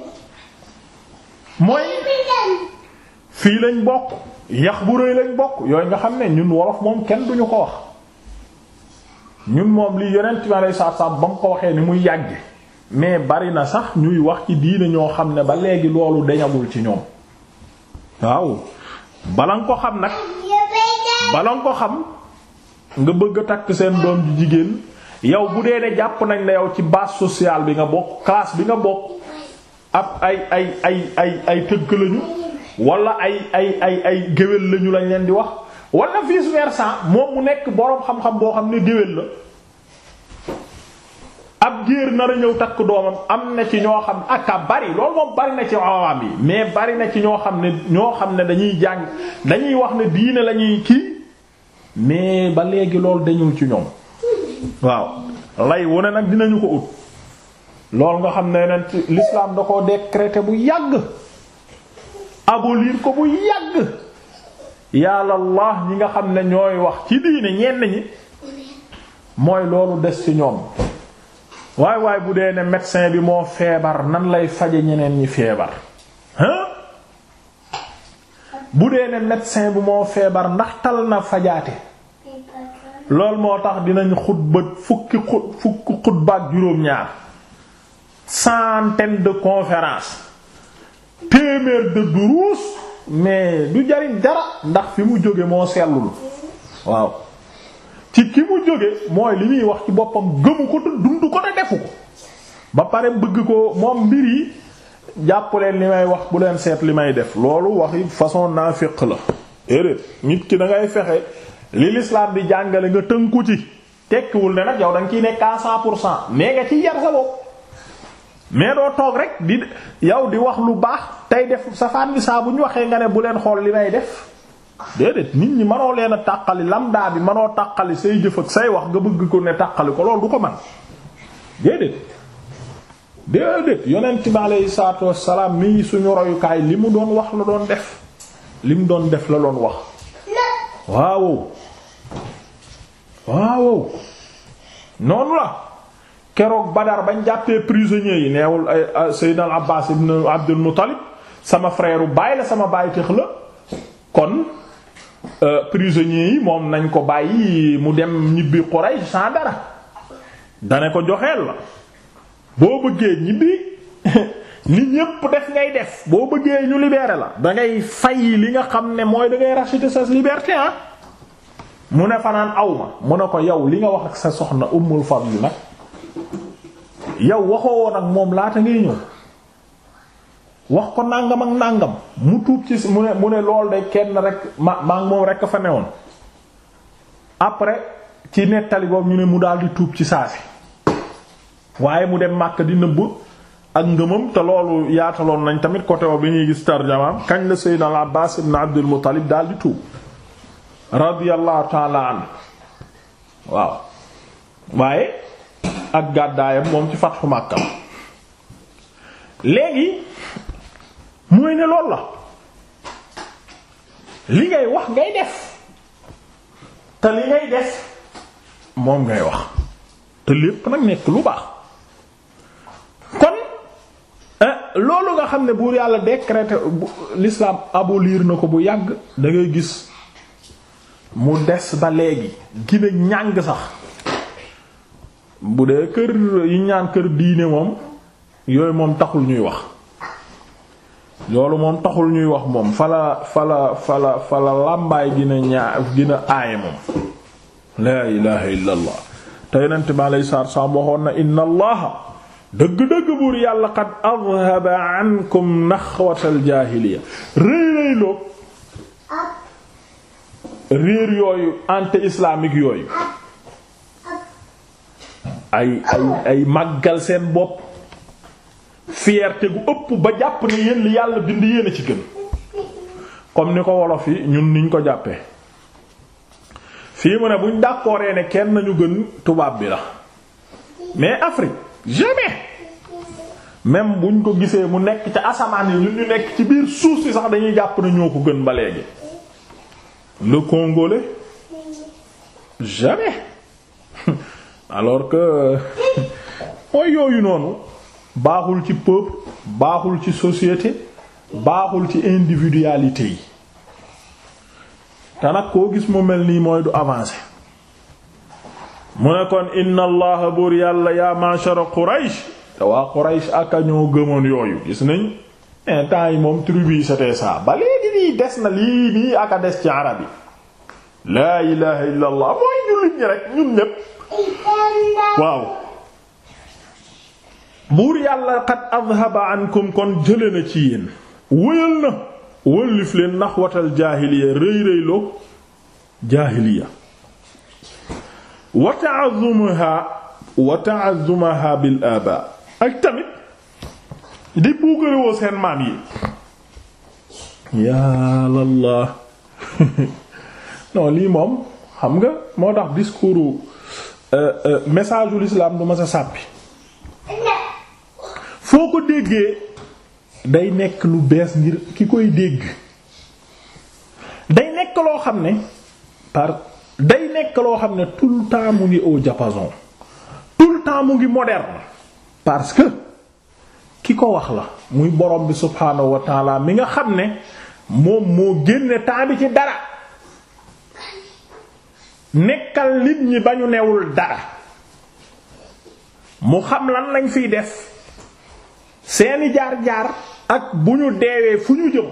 mooy fii lañ bokk yax bu rëy lañ bokk yooyu nga xam ne ñun wolof moom kenn duñu ko wax ñun moom li yonent ma lay saab saab ba mu ko waxee ni muy yàgge mais bari na sax ñuy wax ci diine ñoo xam ne ba léegi loolu deñagul ci ñoom waaw bala nga ko xam nag bala nga ko xam nga bëgg a takk seen doom ji jigéen yow bu dee ne jàpp nañ ne yow ci base sociale bi nga bokk classe bi nga bokk ab ay ay ay ay ay tëgg lañu wala ay ay ay ay géwél lañu lañ leen di wax wala vice versa moom mu nekk boroom xam-xam boo xam ne géwél la ab géer na a ñëw takk doomam am na ci ñoo xam ak a bari loolu moom bari na ci awaam yi mais bari na ci ñoo xam ne ñoo xam ne dañuy jàng dañuy wax ne diine lañuy kii mais ba léegi loolu dañu ci ñoom waaw lay wone nag dinañu ko ut loolu nga xam ne yeneen l'islam da koo décréter bu yàgg abolir ko bu yàgg yàlla laax ñi nga xam ne ñooy wax ci diine ñenn ñi mooy loolu des ci ñoom waay waay bu dee ne médecin bi moo feebar nan lay faje ñeneen ñi feebar hein bu dee ne médecin bi moo feebar ndax tal na fajaate loolu moo tax dinañu xutba fukki xut fukki xutba ak juróom-ñaar centaine de conférences téeméer de duruus mais du jariñ dara ndax fi mu jóge moo sellul waaw ci ki mu jóge mooy li ñuy wax ci boppam gëmu ko dund ko te defu ko ba pare bëgg ko moom mbir yi jàpp leen li may wax bu leen seet li may def loolu waxi façon naa féq la déedéet nit ki da ngay fexe li l'islam bi jàngale nga tënku ci tekkiwul ne nag yow da nga ciy nekk à cent pour cent mais nga ci yar sa mais doo toog rek di yow di wax lu baax tey def safaan bi saa bu ñu waxee nga ne bu leen xool li may def déedéet nit ñi manoo leen a tàqali lamda bi manoo tàqali say jëf ak say wax nga bëgg ko ne tàqali ko loolu du ko man déedéet déedéet yonent bi aleyhi salaatu wassalaam mi suñu royukaay li mu doon wax la doon def li mu doon def la doon wax waaw waaw noonu la keroog Badar bañ jàppee prisonniers yi neewul ay ah, Seydina Abbas ibn Abdul Muttalib sama frère baay la sama baay tëx la kon euh, prisonniers yi moom nañ ko bàyyi mu dem ñibbi Quraysh sans dara dane ko joxeel la boo bëggee ñibbi li <laughs> ñépp def ngay def boo bëggee ñu libérer la da ngay fay li nga xam ne mooy da ngay racheter sa liberté ah mu ne fanaan awma mu ne ko yow li nga wax ak sa soxna Ummul yi nag yow waxoo woon ak moom laata ngay ñëw wax ko nàngam ak nàngam mu tuub ci mu ne mu ne lool de kenn rek ma maa ngi moom rekk fa newoon après ci nettali boobu ñu ne mu daal di tuub ci saa saasi waaye mu dem màkk di nëbb ak ngëmam te loolu yaataloon nañ tamit côté bi ñuy gis tarjamaam kañ la Seydina al Abbaas ibn Abdul Muttalib daal di tuub radiyallahu ta'ala an waaw waaye ak gàddaayam moom ci fatxu Makka léegi mooy ne lool la li ngay wax ngay def te li ngay def moom ngay wax te lépp nag nekk lu baax kon eh, loolu nga xam ne buur yàlla décrété l'islam aboliir na ko bu yàgg da gis mu des ba léegi gina ñàng sax bu dee kër yi ñaan kër diine moom yooyu moom taxul ñuy wax loolu moom taxul ñuy wax moom fala fala fala fala làmbaay gina ñaa gina aaye moom laa ilaha illa allah te yonent bi aleyhi salaatu salaam waxoon na inna allaha dëgg-dëgg buur yàlla qad adhaba ankum naxwatal jaahiliya réy réy loo réer yooyu ante islaamik yooyu ay ay ay màggal seen bopp fierté gu ëpp ba jàpp ne yéen yàlla bind yéen a ci gën comme ni ko wolof yi ñun niñ ko jàppee fii mu ne buñ d'accord ne kenn nañu gën tubaab bi la mais Afrique jamais même buñ ko gisee mu nekk ca asamaan yi ñun ñu nekk ci biir suuf si sax dañuy jàpp ne ñoo ko gën ba léegi le congolais jamais. alors que mooy yooyu noonu baaxul ci peuple baaxul ci société baaxul ci individualité yi te nag koo gis mu mel nii mooy du avancé mu ne kon inna allaha buur yàlla yaa ma'shara Quraysh te waa Quraysh ak ñoo gëmoon yooyu gis nañ en eh, yi moom tribu yi c'était ça ba léegi nii des na lii nii ak a des ci arab yi laa ilaha illa mooy jullit rek ñun ñépp waaw buur yàlla qad adhaba ankum kon jële na ci yéen wëyal na wëllif leen naxwatal jaahiliya rëy rëyloo jaahiliya wa ta'azzumaha wa ta'azzumaha bil aba ak tamit di buugarewoo seen maam yi yaa Allah <laughs> non lii moom xam nga moo tax discours Euh, euh, message wu l'islam du ma sa sàppi foo ko déggee day nekk lu bees ngir ki koy dégg day nekk xam ne par day nekk loo xam ne tout le temps mu ngi au diapason tout le temps mu ngi moderne parce que ki ko wax la muy borom bi subhaanahu wa nga xam ne moom moo génne temps bi ci dara nekkal nit ñi ba ñu newul dara mu xam lan lañ fiy def seeni jaar-jaar ak bu ñu deewee fu ñu jëm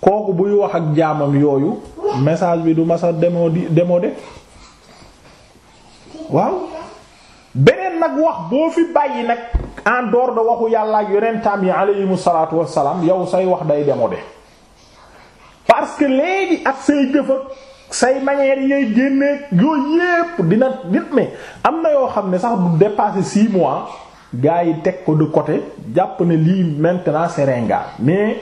kooku buy wax ak jaamam yooyu message bi du masa demoo di demoo de waaw beneen nag wax boo fi bàyyi nag en dehors de waxu yàlla ak yonentam yi aleyhimu salaatu wassalaam yow say wax day demoo de parce que léegi ak say jëf say manières yooyu génnee yooyu yépp dina nit am na yoo xam ne sax du dépasser six mois yi teg ko de côté jàpp ne lii maintenant c'est ringard mais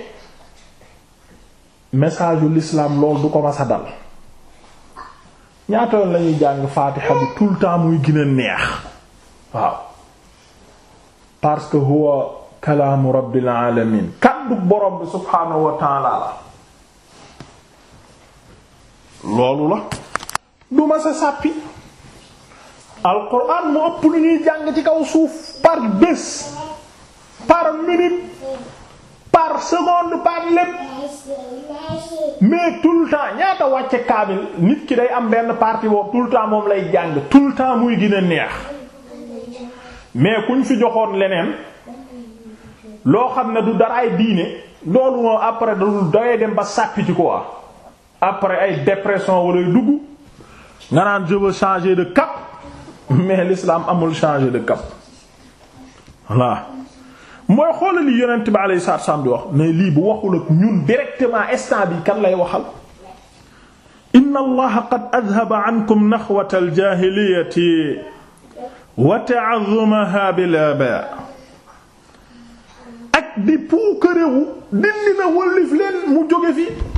message u l'islam loolu du ko masa dal ñaata lañuy jàng faatiha bi tout le temps muy gën neex waaw parce que huwa kalaamu la alamin kaddu borom bi subhaanahu wa loolu la du ma sa sàppi alquran mu ëpp lu ñuy jàng ci kaw suuf par bés par minute par seconde par lépp mais tout le temps ñaata wàcce kaamil nit ki day am benn partie boobu tout temps moom lay jàng tout le temps muy gën neex mais kuñ fi joxoon leneen loo xam ne du dara ay diine loolu moo après da doy dem ba sàppi ci quoi. après ay dépression wala dugg nga naan je veux de cap mais l'islam amul changé de cap voilà mooy xoolal li yonent bi alayhi salaatu mais lii bu waxul ak ñun directement instant bi kan lay waxal. inna allaha qad adhaba ankum naxwata aljaahiliyati wa ta'azzumaha bil aba ak di puukarewu dindi na wëllif leen mu jóge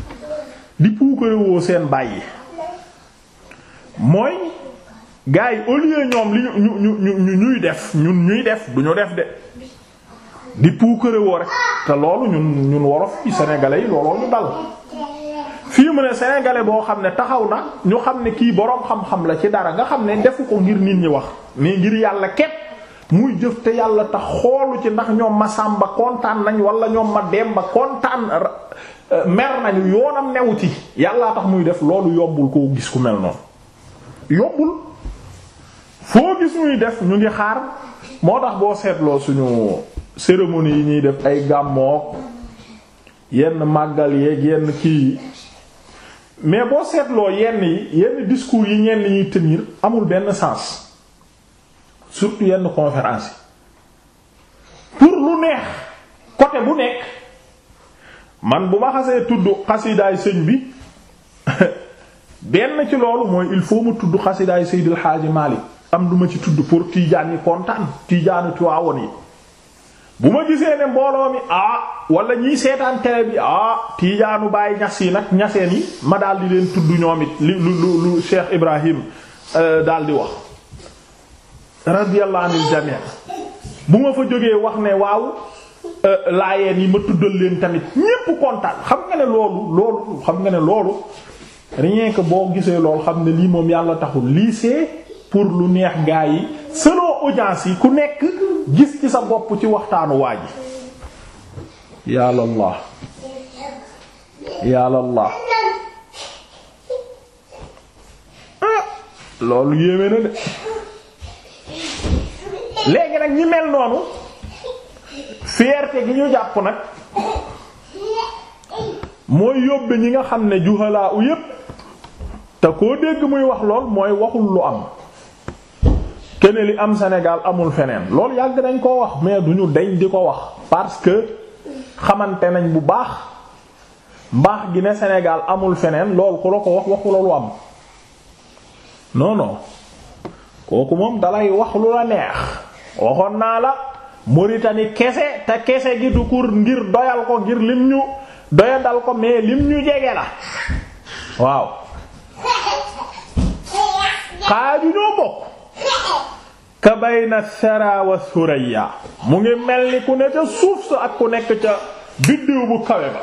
di puukarewoo seen bàyyi mooy gars yi ñoom li ñu ñu ñu ñuy def ñun ñuy def du ñu def de di puukarewoo rek te loolu ñun ñun wolof ci sénégalais yi looloo ñu dal fii mu ne sénégalais boo xam ne taxaw na ñu xam ne kii boroom xam-xam la ci dara nga xam ne defu ko ngir nit ñi wax mais ngir yàlla képp muy jëf te yàlla tax xoolu ci ndax ñoom ma sàmba kontaan nañ wala ñoom ma demba kontaan Euh, mer nañu yoonam newu ci yàllaa tax muy def loolu yombul koo gis ku mel noonu yombul foo gis muy def ñu ngi xaar moo tax boo seetloo suñu cérémonie yi ñuy def ay gàmmook yenn màggal yeeg yenn kii mais boo seetloo yenn yi yenn discours yi ñenn ñuy tenir amul benn sens surtout yenn conférence yi pour lu neex côté bu nekk man bu ma xasee tudd xasidaay sëñ bi <laughs> benn ci loolu mooy il faut mu tudd xasidaay Seydil Hadji Malick am duma ci tudd pour tiijaan yi kontaan tiijaanu Tiwaawoon yi bu ma gisee ne mbooloo mi ah wala ñiy seetaan télé bi ah tiijaanu bàyyi ñas yi nag ñaseen yi ma daal di leen tudd ñoom it li lu lu lu Cheikh Ibrahim euh, daal di wax radiyallahu anil jami' bu ma fa jógee wax ne waaw Euh, laayeen yi ma tuddal leen tamit ñépp kontaan xam nga ne loolu loolu xam nga ne loolu rien que boo gisee loolu xam ne lii moom yàlla taxul lii c'est pour lu neex gaa yi selon audience yi ku nekk gis ci sa bopp ci waxtaanu waa ji yàlla Allah yàlla Allah ah, loolu yéeme na de léegi nag ñi mel noonu fierté gi ñu jàpp nag mooy yóbbe ñi nga xam ne juhalaa u yépp te koo dégg muy wax lool mooy waxul lu am kene li am Sénégal amul feneen lool yàgg nañ koo wax mais duñu deñ di ko wax parce que xamante nañ bu baax mbaax gi ne Sénégal amul feneen loolu ku la ko wax waxu am non kooku moom dalay wax lu la neex waxoon naa la Mauritanie kese te kese gi du kur ngir doyal ko ngir lim ñu doyadal ko mais lim ñu jege la waaw xaaju ñoo bokk ka bayna sara wa suraya mu ngi mel ni ku ne ca suuf sa ak ku nekk ca biddiw bu kawe ba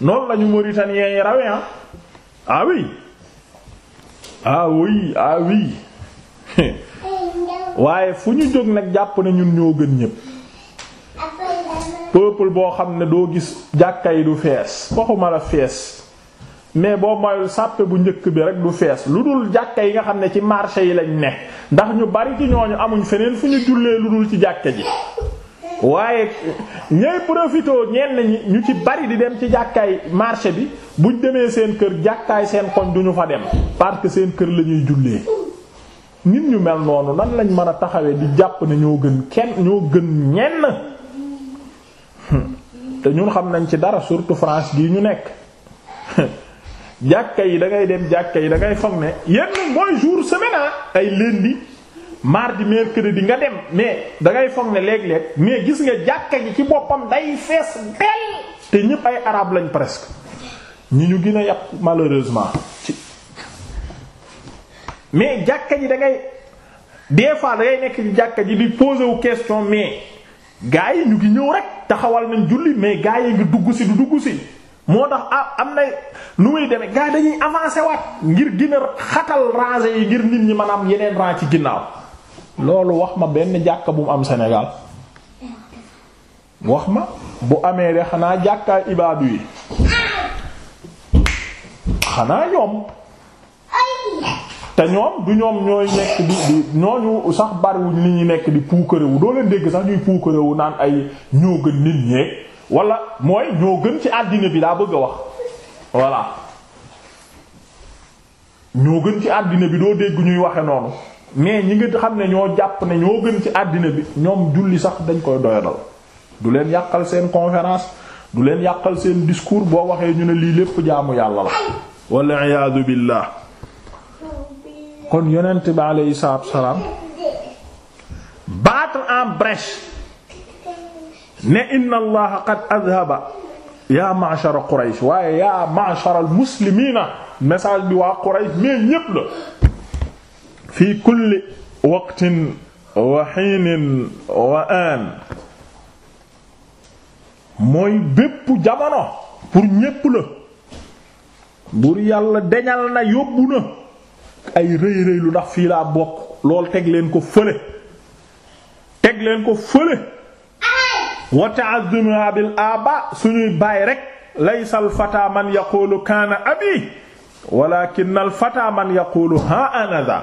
noonu lañu Mauritaniens yi rawe ah ah oui ah ah <laughs> waaye fu ñu jóg nag jàpp na ñun ñoo gën ñépp peuple boo xam ne doo gis jàkka yi du fees waxuma la fees mais boo mayul sàppe bu njëkk bi rek du fees lu dul jàkka yi nga xam ne ci marché yi lañ ne ndax ñu bari ci ñooñu amuñ feneen fu ñu jullee lu dul ci jàkka ji waaye ñay profité ñenn ñu ci bari di dem ci jàkkaay marché bi buñ demee seen kër jàkkaay seen koñ duñu fa dem parce seen kër lañuy ñuy jullee nit ñu mel noonu nan lañ mën a taxawee di jàpp ne ñoo gën kenn ñoo gën ñenn te ñun xam nañ ci dara surtout France gii ñu nekk <laughs> jàkka yi da ngay dem jàkka yi da ngay foog ne yenn mooy jour semaine ah. ay lundi mardi mercredi nga dem mais da ngay foog ne léeg-léeg mais gis nga jàkka ji ci boppam day fees del te ñëpp ay arab lañ presque ñi ñu gën a yàq malheureusement mais jàkka ji da ngay des fois da ngay nekk ci jàkka ji bi poser wu question mais. gaa yi ñu ngi ñëw rek taxawal nañ julli mais gaa yi ngi dugg si du dugg si moo tax a ah, am na nu muy demee gaa yi dañuy avancer waat ngir gën xatal rangées yi ngir nit ñi mën am yeneen rang ci ginnaaw loolu wax ma benn jàkka bu mu am senegal wax ma bu amee de xanaa jàkkaay ibaadu yi xanaa ñoom ñoom du ñoom ñooy nekk di di ñooñu sax bariwuñ ni ñuy nekk di puukarewu doo leen dégg sax ñuy puukarewu naan ay ñoo gën nit ñeeg wala mooy ñoo gën ci àddina bi daa bëgg a wax voilà ñoo gën ci àddina bi doo dégg ñuy waxe noonu mais ñi nga xam ne ñoo jàpp ne ñoo gën ci àddina bi ñoom julli sax dañ koy doyadal du leen yàqal seen conférence du leen yàqal seen discours boo waxee ñu ne lii lépp jaamu yàlla la wal iyaadu billah kon yonent bi aleyhi salaatu salaam battre en brèche ne inna allaha Quraysh waaye yaa ma'shara al bi waa Quraysh mais ñépp la fii kulli waqtin wa mooy bépp jamono pour ñépp la buur yàlla ay rëy rëy lu ndax fii laa bokk lool teg leen ko fële teg leen ko fële wa ta'azzumuha bil aba suñuy baay rekk laysa al fata man yaqulu kaana abi walakin al fata man yaqulu ha anada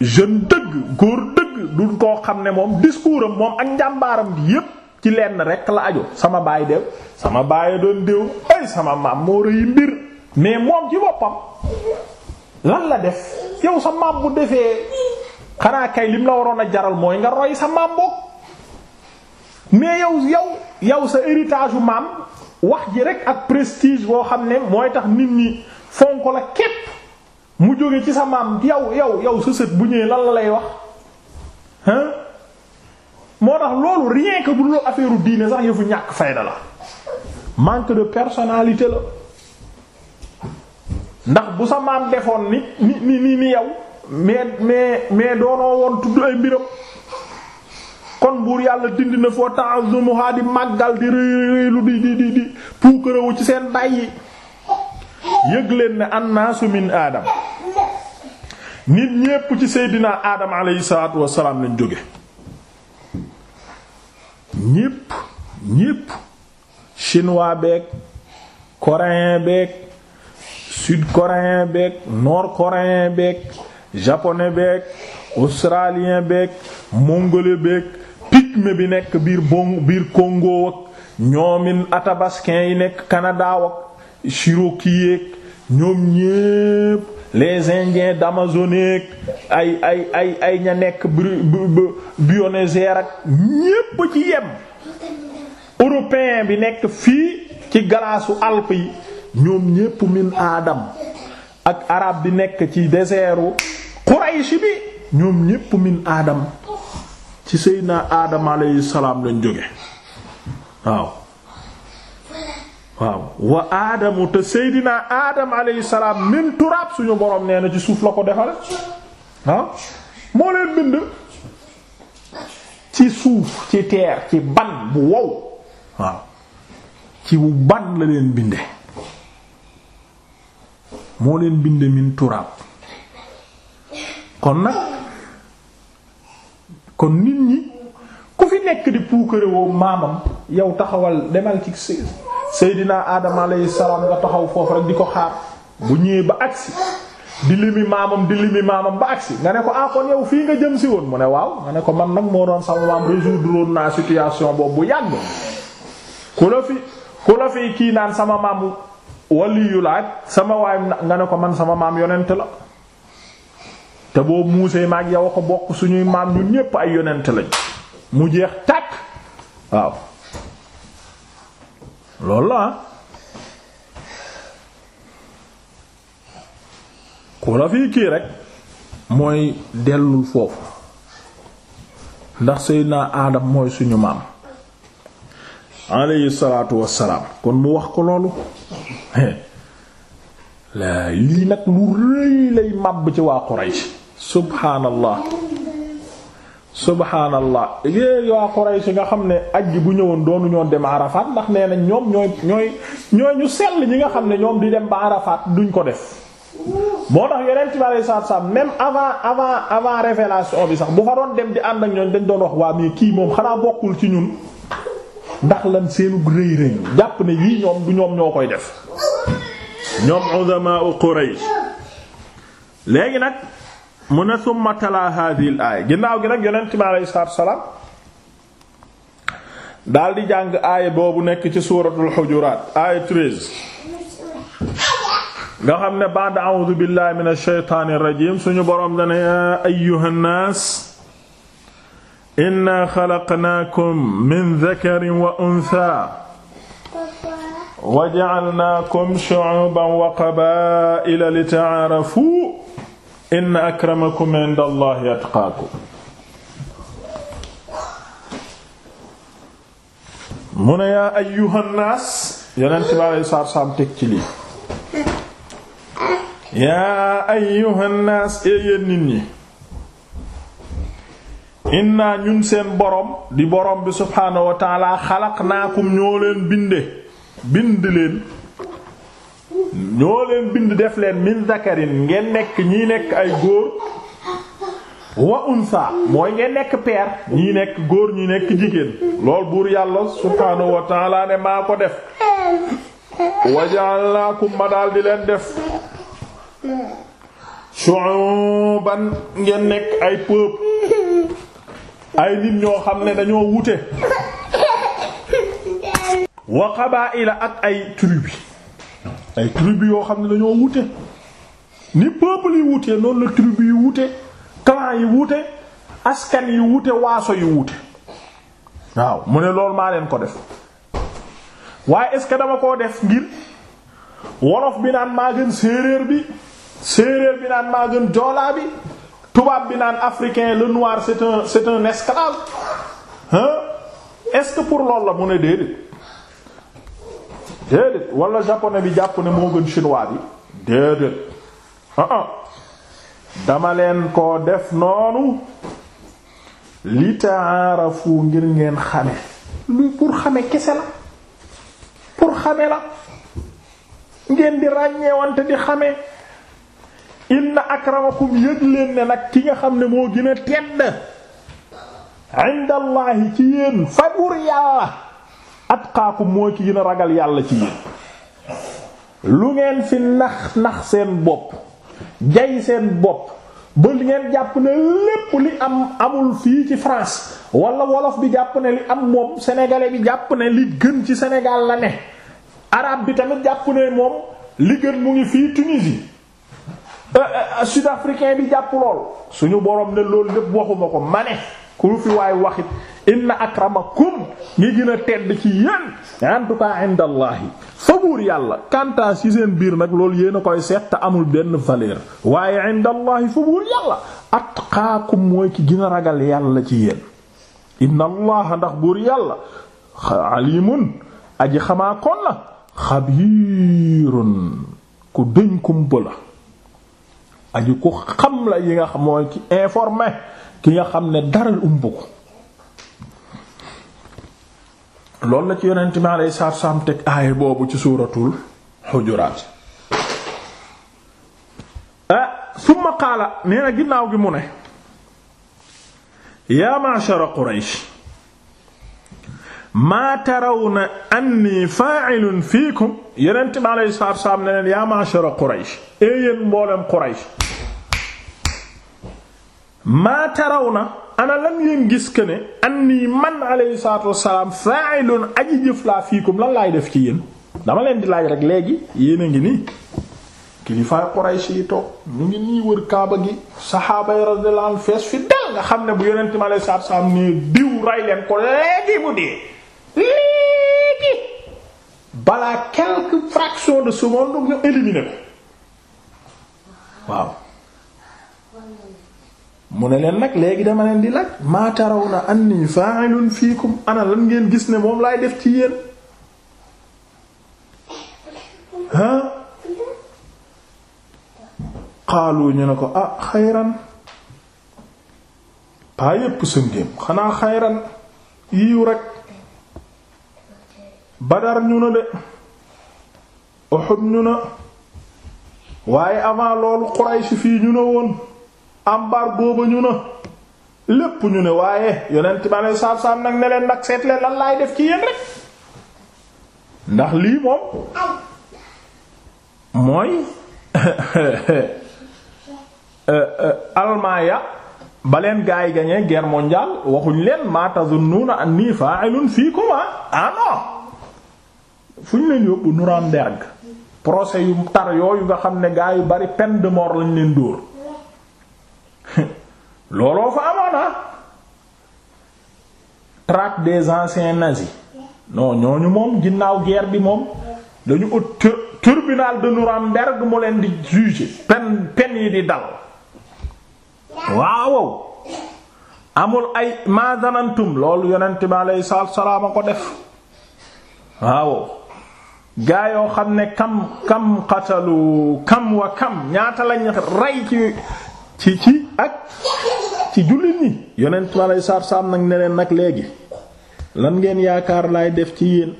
jeune dëgg góor dëgg duñ koo xam ne moom discours am moom ak njàmbaaram bi yépp ci lenn rek la ajo sama baay dew sama baay doon déw ay sama maam moo rëy mbir mais moom ci boppam lan la def yow sa maam bu defee xanaa kay lim la waroon a jaral mooy nga roy sa maam boog mais yow yow yow sa héritage u maam wax ji rek ak prestige boo xam ne mooy tax nit ñi fonk la képp mu jóge ci sa maam yow yow yow sa sët bu ñëwee lan la lay wax hein moo tax loolu rien que bu loolu affaire u diine sax yëfu ñàkk fayda la manque de personnalité la ndax bu sa maam defoon ni ni ni ni ni yow mais doonoo woon tudd ay mbiram kon buur yàlla dindi na foo ta'azzumuha di màggal di rëy rëylu di di di di puukarewu ci seen bàyyi yëgleen leen ne annaasu min aadam nit ñépp ci seydinaa aadam alayhi salaatu wassalaam lañ jóge ñépp ñépp chinois beek coréen beek sud coréen beeg nord coréen beeg japonais beeg australien beeg mongolais beeg pygmée bi nekk biir bon biir Congo ak yi nekk Canada ak Cherokee yeeg ñoom ñépp les indiens d'Amazonie ay ay ay ña nekk Buenos ñépp ci yem européen bi nekk fii ci galaasu Alpes yi ñoom ñépp min aadam ak arab bi nekk ci deseeru Quraysh bi ñoom ñépp min aadam ci Seydina aadam alayhi salaam lañ jóge waaw waaw wa aadamu te Seydina aadam alayhi salaam turaab suñu borom nee ci suuf la ko defal waaw moo leen bind ci suuf ci terre ci ban bu wow waaw ci bu ban la leen binde moo leen bind min turaab kon nag kon nit ñi ku fi nekk di puukarewoo maamam yow taxawal demal ci Seydina Adama alayhi salaam nga taxaw foofu rek di ko xaar bu ñëwee ba agsi di limi maamam di mi maamam ba agsi nga ne ko ah kon yow fii nga jëm si woon mu ne waaw nga ne ko man nag moo doon sama maam résoudre woon naa situation boobu bu yàgg ku la fi ku la fi kii naan sama maamu waliyu laaj sama waay nga ne ko man sama maam yonent la te boo muusee maag yow a ko bokk suñuy maam ñun ñépp ay yonent lañ mu jeex tàkk waaw loolu la ah. ku la fii kii rek mooy dellul foofu ndax Seydina Adam mooy suñu maam alayhi salaatu wassalaam kon mu wax ko loolu lii nag lu rëy lay màbb ci waa Quraysh subhaanallah subhaanallah léegi waa Quraysh nga xam ne ajj bu ñëwoon doonu ñoo dem Arafat ndax nee na ñoom ñooy ñooy ñooy ñu sell ñi nga xam ne ñoom di dem ba Arafat duñ ko def moo tax yeneen ci bari saab saab même avant avant avant révélation bi sax bu fa doon dem di ànd ak ñooñ dañ doon wax waa mii kii moom xanaa bokkul ci ñun ndax la seenu rëy rëy jàpp ne yii ñoom du ñoom ñoo koy def ñoom uzama Quraysh léegi nag mu ne summa tala hadhihi aaya ginnaaw gi nag yonent bi alayhi salaatu salaam daal di jàng aaya boobu nekk ci suuratul xujuraat aaya 13 nga xam ne ba'da a'uudu billahi minash shaytaanir rajiim suñu boroom dana yaa ayyuhan naas inna xalaqnaakum min dakarin wa unsa wa ja'alnaakum shu'uban wa qabaa'ila lita'aarafu inna akramakum inda Allahi atqaakum mu ne yaa ayyuhan naas yonent bi alayhi salaatu salaam teg ci lii yaa ayyuhan naas yéen nit ñi inna ñun seen boroom di borom bi subhaanahu wa taala xalaqnaakum ñoo leen binde bind leen ñoo leen bind def leen min ngeen nekk ñii nekk ay góor wa unsa mooy ngeen nekk peer ñii nekk góor ñi nekk jigéen lool buur yàlla subhaanahu wa ne maa ko def waja'alnaakum ma daal di leen def shu'uban ngeen nekk ay peuple ay nit ñoo xam ne dañoo wute wa qabaa'ila ak ay tribu ay tribu yoo xam ne dañoo wute ni peuple yi wute noonu la tribu yi wute clan yi wute askan yi wute waaso yi wute waaw mu ne loolu maa leen ko def waaye est-ce dama koo def ngir wolof bi naan maa séeréer bi séeréer bi naan maa joolaa bi tubaab bi naan africain le noir c'est un c'est un esclave est-ce que pour loolu la mu ne déedéet déedéet wala japonais bi jàpp ne moo gën chinois bi déedéet ah, ah. dama leen koo def noonu li ta'aarafu ngir ngeen xame lu pour xame kese la pour xame la ngeen di ràññeewante di xame inna akramakum yëg leen ne nag ki nga xam ne moo gën a tedd indallahi ci yéen fa buur yàlla atqaakum moo ci gën a ragal yàlla ci yéen lu ngeen fi nax nax seen bopp jay seen bopp ba li ngeen jàpp ne lépp li am amul fii ci France wala wolof bi jàpp ne li am moom sénégalais bi jàpp ne li gën ci Sénégal la ne arabe bi tamit jàpp ne moom li gën mu ngi fii Tunisie Euh, euh, sud bi jàpp lool suñu borom ne loolu lépp waxuma ko ma ne ku fi waay waxit inna akramakum ngi gën a tedd ci yéen en yàlla kantaa ci biir nag loolu yéen a koy seet amul benn valeur waaye indallahi fa buur yàlla atqaakum mooy ki gën a ragal yàlla ci yéen inna allaha ndax buur yàlla alimun aji xamaa kon la xabiirun ku dëñ kumpa la aji ku xam la yi nga xam mooy ki informé ki nga xam ne dara umb ko loolu la ci yonent mi alayhi salaatu wassalaam teg aaya boobu ci suuratul xujuraat ah summa qaala nee ginnaaw gi mu ne yaa ma'shara quraysh maa tarawna anni faa'ilun fiikum yeneen time alay saab saab ne leen yaa ma'shara Quraysh éeyéen eh mboolem Quraysh maa taraw na ana lan yeen gis que ne annii man alayhi salaatu wassalaam fa'ilun aji jëf laa fiikum lan laay def ci yéen dama leen di laaj rek léegi yéen a ngi nii kilifaay Quraysh yi toog ñu ngi nii wër Kaaba gi saxaaba yi radiyallahu anhum fees fi del nga xam ne bu yeneen mi alayhi salaatu wassalaam ne diw rey leen ko léegi mu dee balaa quelques fractions de seconde nga éliminer ko waaw mu ne leen nag léegi dama leen di laaj maa tarawna anni fa'ilun fiikum ana lan ngeen gis ne moom laay def ci yéen ah xaalu ñu ne ko ah xayran paa yépp sëngéem xanaa xayran yiw rek badar ñu na de Uhud ñu na waaye avant loolu Quraysh fii ñu ne woon embargo ba ñu na lépp ñu ne waaye yonent ba ne saab saab nag ne nag seet leen lan laay def ci yéen rek ndax lii moom mooy <laughs> euh, euh, almaaya ba leen gaa yi gañee guerre mondiale waxuñ leen ma tazunnuna anni fa'ilun fiikum ah, ah non fu ñu leen yóbbu Nuremberg procès yu tar yooyu nga xam ne gaa yu bari peine de mort lañ leen dóor <laughs> looloo fa amoon ah. traque des anciens nazis non ñooñu moom ginnaaw guerre bi moom dañu ut tribunal de Nuremberg mu leen di juger peine peine yi di dal waaw amul ay ma zanantum loolu yonent bi alayhi salaatu salaam a ko def waaw gaa yoo xam ne kam kam xatalu kam wa kam ñaata lañ rey ci ci ci ak ci jullit ñi yonent ma lay saar saam nag ne leen nag léegi lan ngeen yaakaar laay def ci yéen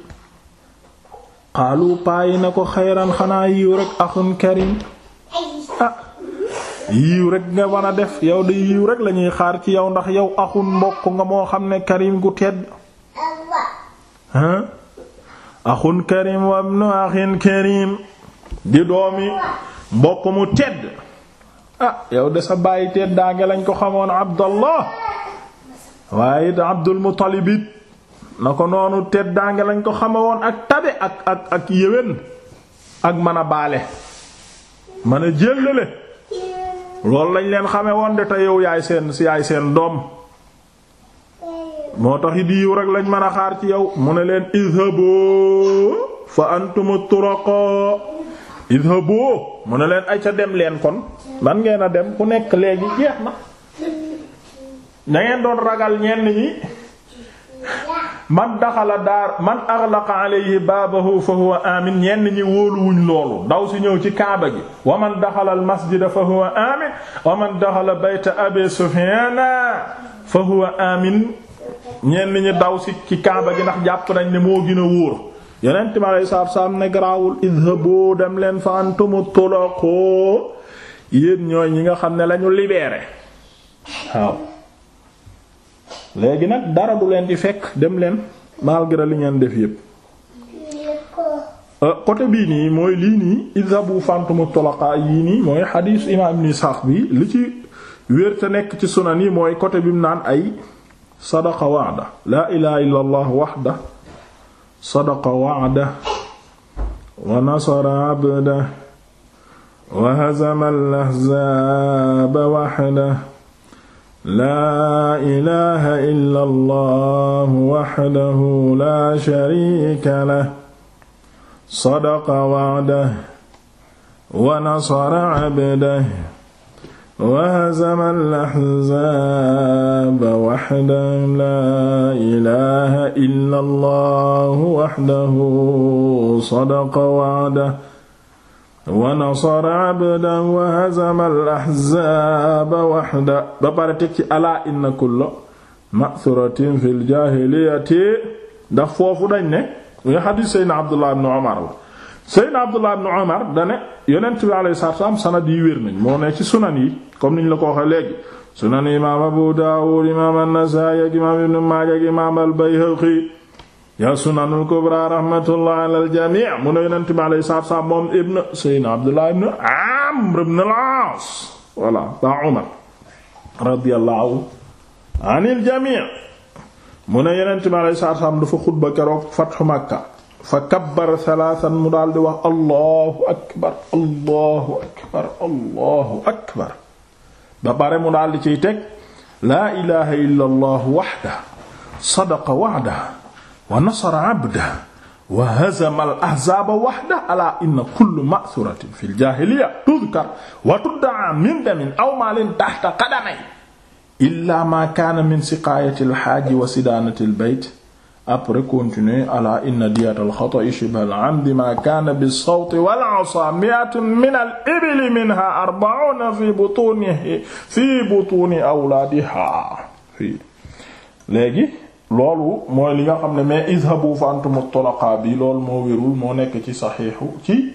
xaalu paayi na ko xayran xanaa yiw rek axun karim ah yiw rek nga war a def yow di yiw rek lañuy xaar ci yow ndax yow axun mbokk nga moo xam ne karim gu tedd axun karim wa ibnu axin karim di doomi mbokk mu tedd ah yow de sa bàyyi teddaange lañ ko xamoon abdallah waaye it abdul muttalib it na ko noonu teddaange lañ ko xamewoon ak tabe ak ak ak yéwén ak mën a baale mën a jéllale loolu lañ leen xame woon de te yow yaay seen si yaay seen doom moo tax it yiw rek lañ mën a xaar ci yow mu ne leen idhaboo fa antum turaqa idhaboo mu ne leen ay ca dem leen kon man ngeen a dem ku nekk léegi jeex na da ngeen doon ragal ñenn yi man daxala daar man yi alayhi baabahu fa huwa amin ñenn ñi wóoluwuñ loolu daw si ñëw ci kaaba gi wa man daxala al masjida fa huwa amin wa man daxala bayta abi sufyana fa huwa amin ñenn ñi daw si ci kaaba gi ndax jàpp nañ ne moo gën a wóor yonent mi alayhi salaatu salaam ne garaawul idhabu dem leen fa antumu tulaqo yéen ñooy ñi nga xam ne lañu libéré waaw léegi nag dara du leen di fekk dem leen malgré li ngeen def yépp euh, côté bii nii mooy lii nii idhabu fantumu toloqa yii nii mooy xadiis imaam ibn Isaaq bi li ci wér te nekk ci sunan yi mooy côté bi naan ay sadaqa wa'da laa ilaha illa allah wahda sadaqa wa'da wa nasara abda wa hazama al-ahzaaba wahda laa ilaha illa allah wahdahu laa sharika lahu sadaqa wa'da wa nasara abda wahzama al-ahzaaba wahdahu laa ilaaha illa allahu wahdahu sadaqa wa'dahu wa nasara abdahu wa hazama al-ahzaaba pare teg ci alaa inna kulla ma'thuratin fil jaahiliyati ndax foofu dañ ne muy xadiis Seydina Abdullah ibn Umar la Seydina Abdullah ibn Umar dane yonent bi alayhi salaatu wa salaam sanad yi wér nañ moo ne ci sunan yi comme niñ la ko waxee léegi sunan imaam abu daawud imaam an-nasaa'i ak imaam ibnu maaja ak imaam al-bayhaqi ya sunanul kubra rahmatullah ala al-jamii' mu ne yonent bi alayhi salaatu salaam moom ibnu sayyidina abdullah ibnu amr ibn al-aas wala ba umar radiyallahu anil jamii' mu ne yonent bi alayhi salaatu salaam dafa xutba keroog fathu makka fa kabbara salaasan mu daal di wax allahu akbar allahu akbar allahu akbar ba pare mu daal di ciy teg laa ilaha illa allah waxda sadaqa waxda wa nasara abda wa hazama al ahzaaba waxda ala inna kull ma'thuratin fi ljahiliya tudkar wa tudda'a min damin aw maalin taxta qadamay illa ma kaana min siqaayati alxaaji wa sidaanati albayt après continuer ala inna diyata alxata'i shibha al-amdi ma kaana bis-sawti wal-'asaa mi'atun min al-ibli minha fi butunihi fi butuni loolu mooy li nga xam ne mais izhabu fa antum at-tulaqa bi loolu moo wérul moo nekk ci saxiixu ci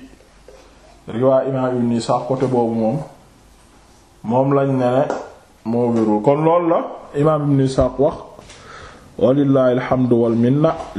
riwaa imaam ibn Isaaq côté boobu moom moom lañ ne moo wérul kon loolu la imaam ibn Isaaq wax walillahi alhamdu wal minna